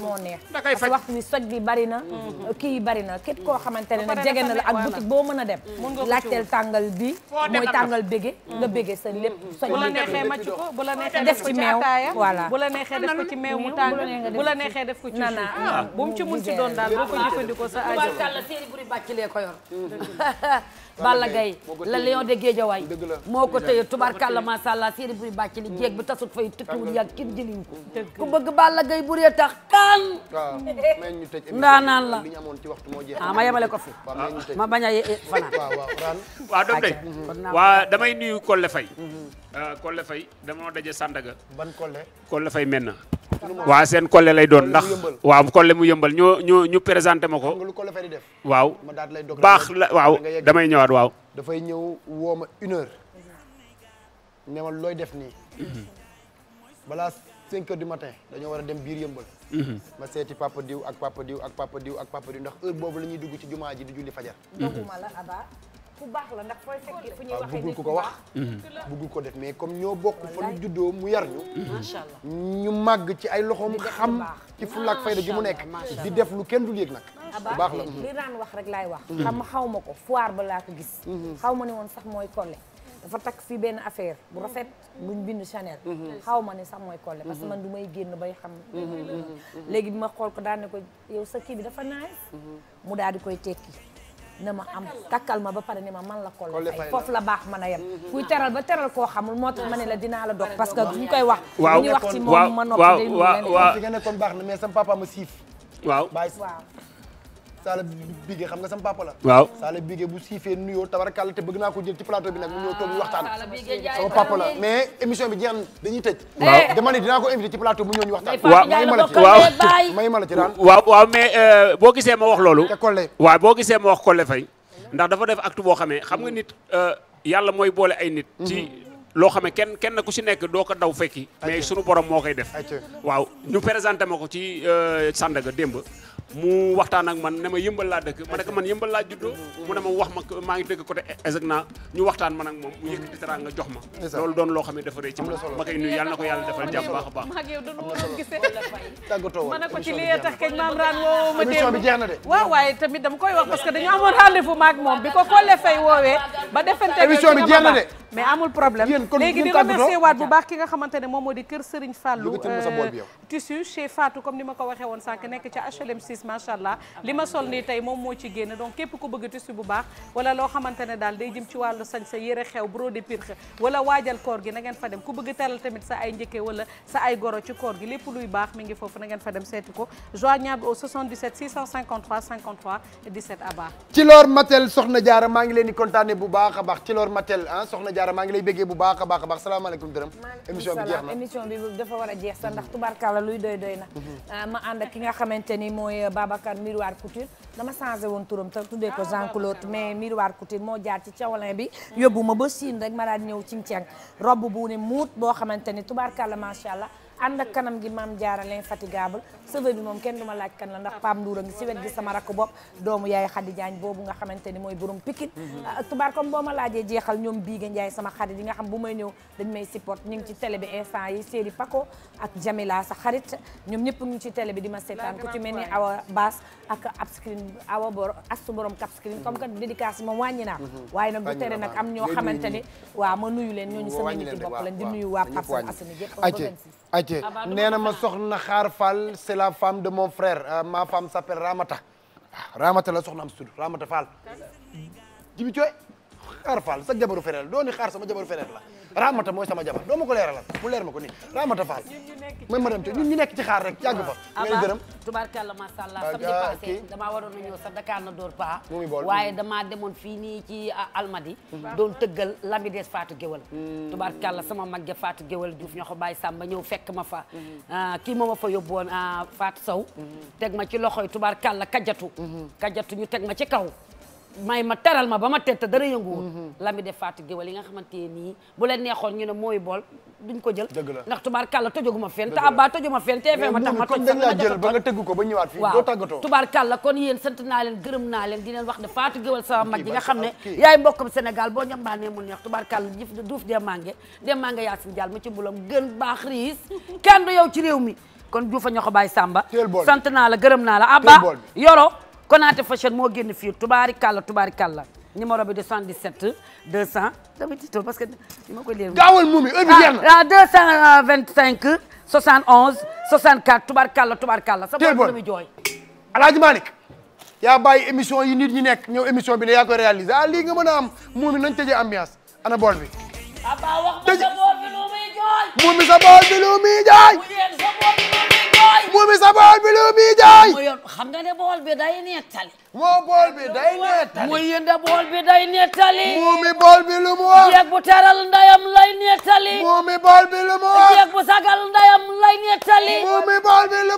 moo neex parce que waxtu bi soj bi bari mhm. kii yi bari na képp koo xamante ne nag jege na la ak boutique boo mën a dem laajteel tàngal bi mooy tàngal bége mhm. nga bége sa lépp soj bi bu la neexee macc ko bu la neexee def ci meew voilà bu la neexee def ci meew tàng bu la neexee def ko ci suuf ah, ah, bu mu ci mun ci doon daal boo ko jëfandikoo sa aajo tubaarkàlla séeri buri bàcc lee ko yor mm-hmm. Balla Gaye la lion de Guédiawaye moo ko téye tubaarkàlla macha allah séeri buri bàcc li jéeg bi tasut fay tukkiwul yàgg kin jëliwu ko ku bëgg Balla Gaye buree tax kan ndaanaan la ah ma yemale ko fi ma bañ a eh, fanaan waaw doom day waa damay nuyu Kolle Faye Kolle mm-hmm. ah, Faye damoo daje Sandaga ban Kolle Kolle Faye mel na waa seen colle lay doon ndax waaw colle mu yëmbal ñoo ñu ñu présenté ma ko waaw baax la waaw damay ñëwaat waaw dafay ñëw woo ma une heure ne ma looy def nii balaa cinq heures du matin dañoo war a dem biir yëmbal mhm. ma seeti papa diw ak papa diw ak papa diw ak papa diw ndax heure boobu la ñuy dugg ci jumaa ji di julli fajar ku baax la ndax fooy fekkee fu ñuy ah, waxee bëggul ko ko wax bëggul mm-hmm. ko def mais comme ñoo bokk fa ñu juddoo mu yar ñu ñu màgg ci ay loxoom xam ci fulla ak fayda ji mu nekk di def lu kenn dul yëg nag bu baax wax rek laay wax mm-hmm. xam xaw ma ko foire ba laa ko gis mm-hmm. xaw ma ne woon sax mooy kole dafa takk fii benn affaire bu rafet buñ bind Chanel xaw ma ne sax mooy Collé parce que man du may génn bay xam léegi bi ma xool ko daan ne ko yow sa kii bi dafa naay mu daal di koy tekki na ma am takkal ma ba pare ne ma man la Collé Faye foofu la baax ma a yam mm-hmm. kuy teral ba teral koo xamul moo tax ma ne la dinaa la dog parce que duñ koy wax waaw ñu wax ci moom ma noppi day lu leen waaw kon baax na mais sama papa ma siif waaw waaw Saala Bigué xam nga sama papa la. waaw Saala Bigué bu siifee nuyoo tabarakàlla te bëgg naa ko jël ci plateau bi nag mu ñëw toog ñu ah, la mais émission bi jeex dañuy tëj. waaw dama ne dinaa ko invité ci plateau mu ñëw ñu waxtaan. waaw may ma la ci waaw may ma la ci daan. waaw waaw euh, boo gisee ma wax loolu. te Collé boo gisee ma wax Collé fay ndax dafa def acte boo xamee xam nga nit euh, yàlla mooy boole ay nit. ci mhm. loo xamee kenn kenn ku si nekk doo ko daw fekki. mais sunu borom moo koy def. waaw ñu présenté ma ko ci euh, Sandaga démb mu waxtaan man ne ma yëmbal dëkk man yëmbal juddoo mu ne ma wax ma maa ngi dëkk côté eseg naa ñu waxtaan man ak mu yëkkati teraanga jox ma loolu doon loo xam ne ci a baax maam raan woo ma émission bi tamit dama koy wax parce que dañu amoon rendez-vous moom bi ko Kole Faye woowee ba defante émission bi jeex na de mais amul problème léegi di remercier waat bu baax ki nga xamante moom moo kër Serigne Fallou euh, tissu chez Fatou comme ni ma ko waxee gis macha allah li ma sol nii tey moom moo ci génn donc képp ku bëgg tissu bu baax wala loo xamante daal day jëm ci wàllu sañ sa yére xew brodé pirxe wala waajal koor gi na fa dem ku bëgg teral tamit sa ay njëkke wala sa ay goro ci koor gi lépp luy baax mi ngi foofu na fa dem seeti ko joignable au 77 653 53 matel soxna jaara maa ngi leen di bu baax a baax ci matel ah, soxna jaara maa ngi lay béggee bu baax a baax a baax a jeex sa ndax Babacar Miroir Couture dama changé woon turam te tuddee ko ah, Jean Claude mais Miroir Couture moo jaar ci cawlin bi yóbbu ma ba Siin rek ma daal ñëw cim ceng robb bu ne muut boo xamante ni tubaarkàlla macha allah ànd ak kanam gi maam jaara l'infatigable sëvë bi moom kenn du ma laaj kan la ndax Pam Ndour a ngi si wet gi sama rakk bopp doomu yaay Khady Diagne boobu nga xamante ni mooy borom Pikine mhm. ah, tubaar comme boo ma laajee jeexal ñoom Biige Ndiaye sama xarit nga xam bu may ñëw dañ may support ñu ngi ci bi instant yi série Paco ak Jamila sa xarit ñoom ñëpp ñu ngi ci télé bi di ma seetaan ku ci mel ni Awa Bass ak ab Awa borom cap screen comme que dédicace moom wàññi mhm. waaye nag du tere nag am ñoo xamante ni waaw ma nuyu leen ñooñu sama nit yi bopp lañ di la femme de mon frère euh, ma femme s'appelle Ramata waaw ah, Ramata la soxna am sud Ramata Fall jibi cooy xaar Fall sa jabaru frère la dooni xaar sama jabaru frère la Ramata mooy sama jabar doo ma ko leeralal mu leer ma ko nii Ramata Fall. ñun ma dem te ñun ñu nekk ci xaar rek yàgg fa. ngay gërëm tubaarkàlla macha allah samedi passé damaa waroon a ñëw sax Dakar na door paa. waaye damaa demoon fii nii ci Almadi. doon tëggal Lamides Fatou Géwal. Hmm. tubaarkàlla sama mag ja Fatou Géwal Diouf ñoo ko bàyyi ñëw fekk ma fa. Hmm. Ah, kii ma ma fa yóbbuwoon ah, Fatou saw hmm. teg ma ci loxoy tubaarkàlla kajatu. kajatu ñu teg ma ci kaw may ma teral ma ba ma tedd te dara yënguwul mm-hmm. lami def faatu géwal yi nga xamante nii bu leen neexoon ñu ne mooy bool duñ ko jël ndax tubaarkàlla tojoguma fenn te abba tojuma fenn tefee ma tax ma toj sax jël ba nga tëgg ko ba ñëwaat fii doo tàggatoo tubaarkàlla kon yéen sant naa leen gërëm naa leen di leen wax ne faatu géwal sama xam ne yaay mbokkam Sénégal boo ñambaanee mu neex tubaarkàlla jëf duuf dee mangé dee mangé yaa sin jàll ma ci mbulam gën baax riis kenn du yow ci réew mi kon juufa ñoxo baay sàmba sant naa la gërëm naa la abba yoro Konaté Fashion moo génn fii tubaari kàlla tubaari kàlla numéro bi de 77 200 damay tiitoo parce que ni ma koy leer. gaawal Moumi heure bi ah, jeex na ah 225 71 64 tubaari kàlla tubaari kàlla. téye bool sa bopp mi jooy. Alaaji Malick. yaa bàyyi émission yi nit ñi nekk ñëw émission bi ne yaa koy réaliser ah lii nga mën a am Moumi nañ tëjee ambiance ana bool bi. papa sa bool bi lu jooy. Moumi sa bool bi lu jooy. jooy mu mi sa bool bi lu mi jooy mooy xam nga ne bool bi day nettali moo bool bi day nettali da bool bi day nettali mu mi bool bi lu mu wax jeeg bu teral ndayam lay nettali mu mi bool bi lu mu bu sagal ndayam lay nettali mu mi bool bi lu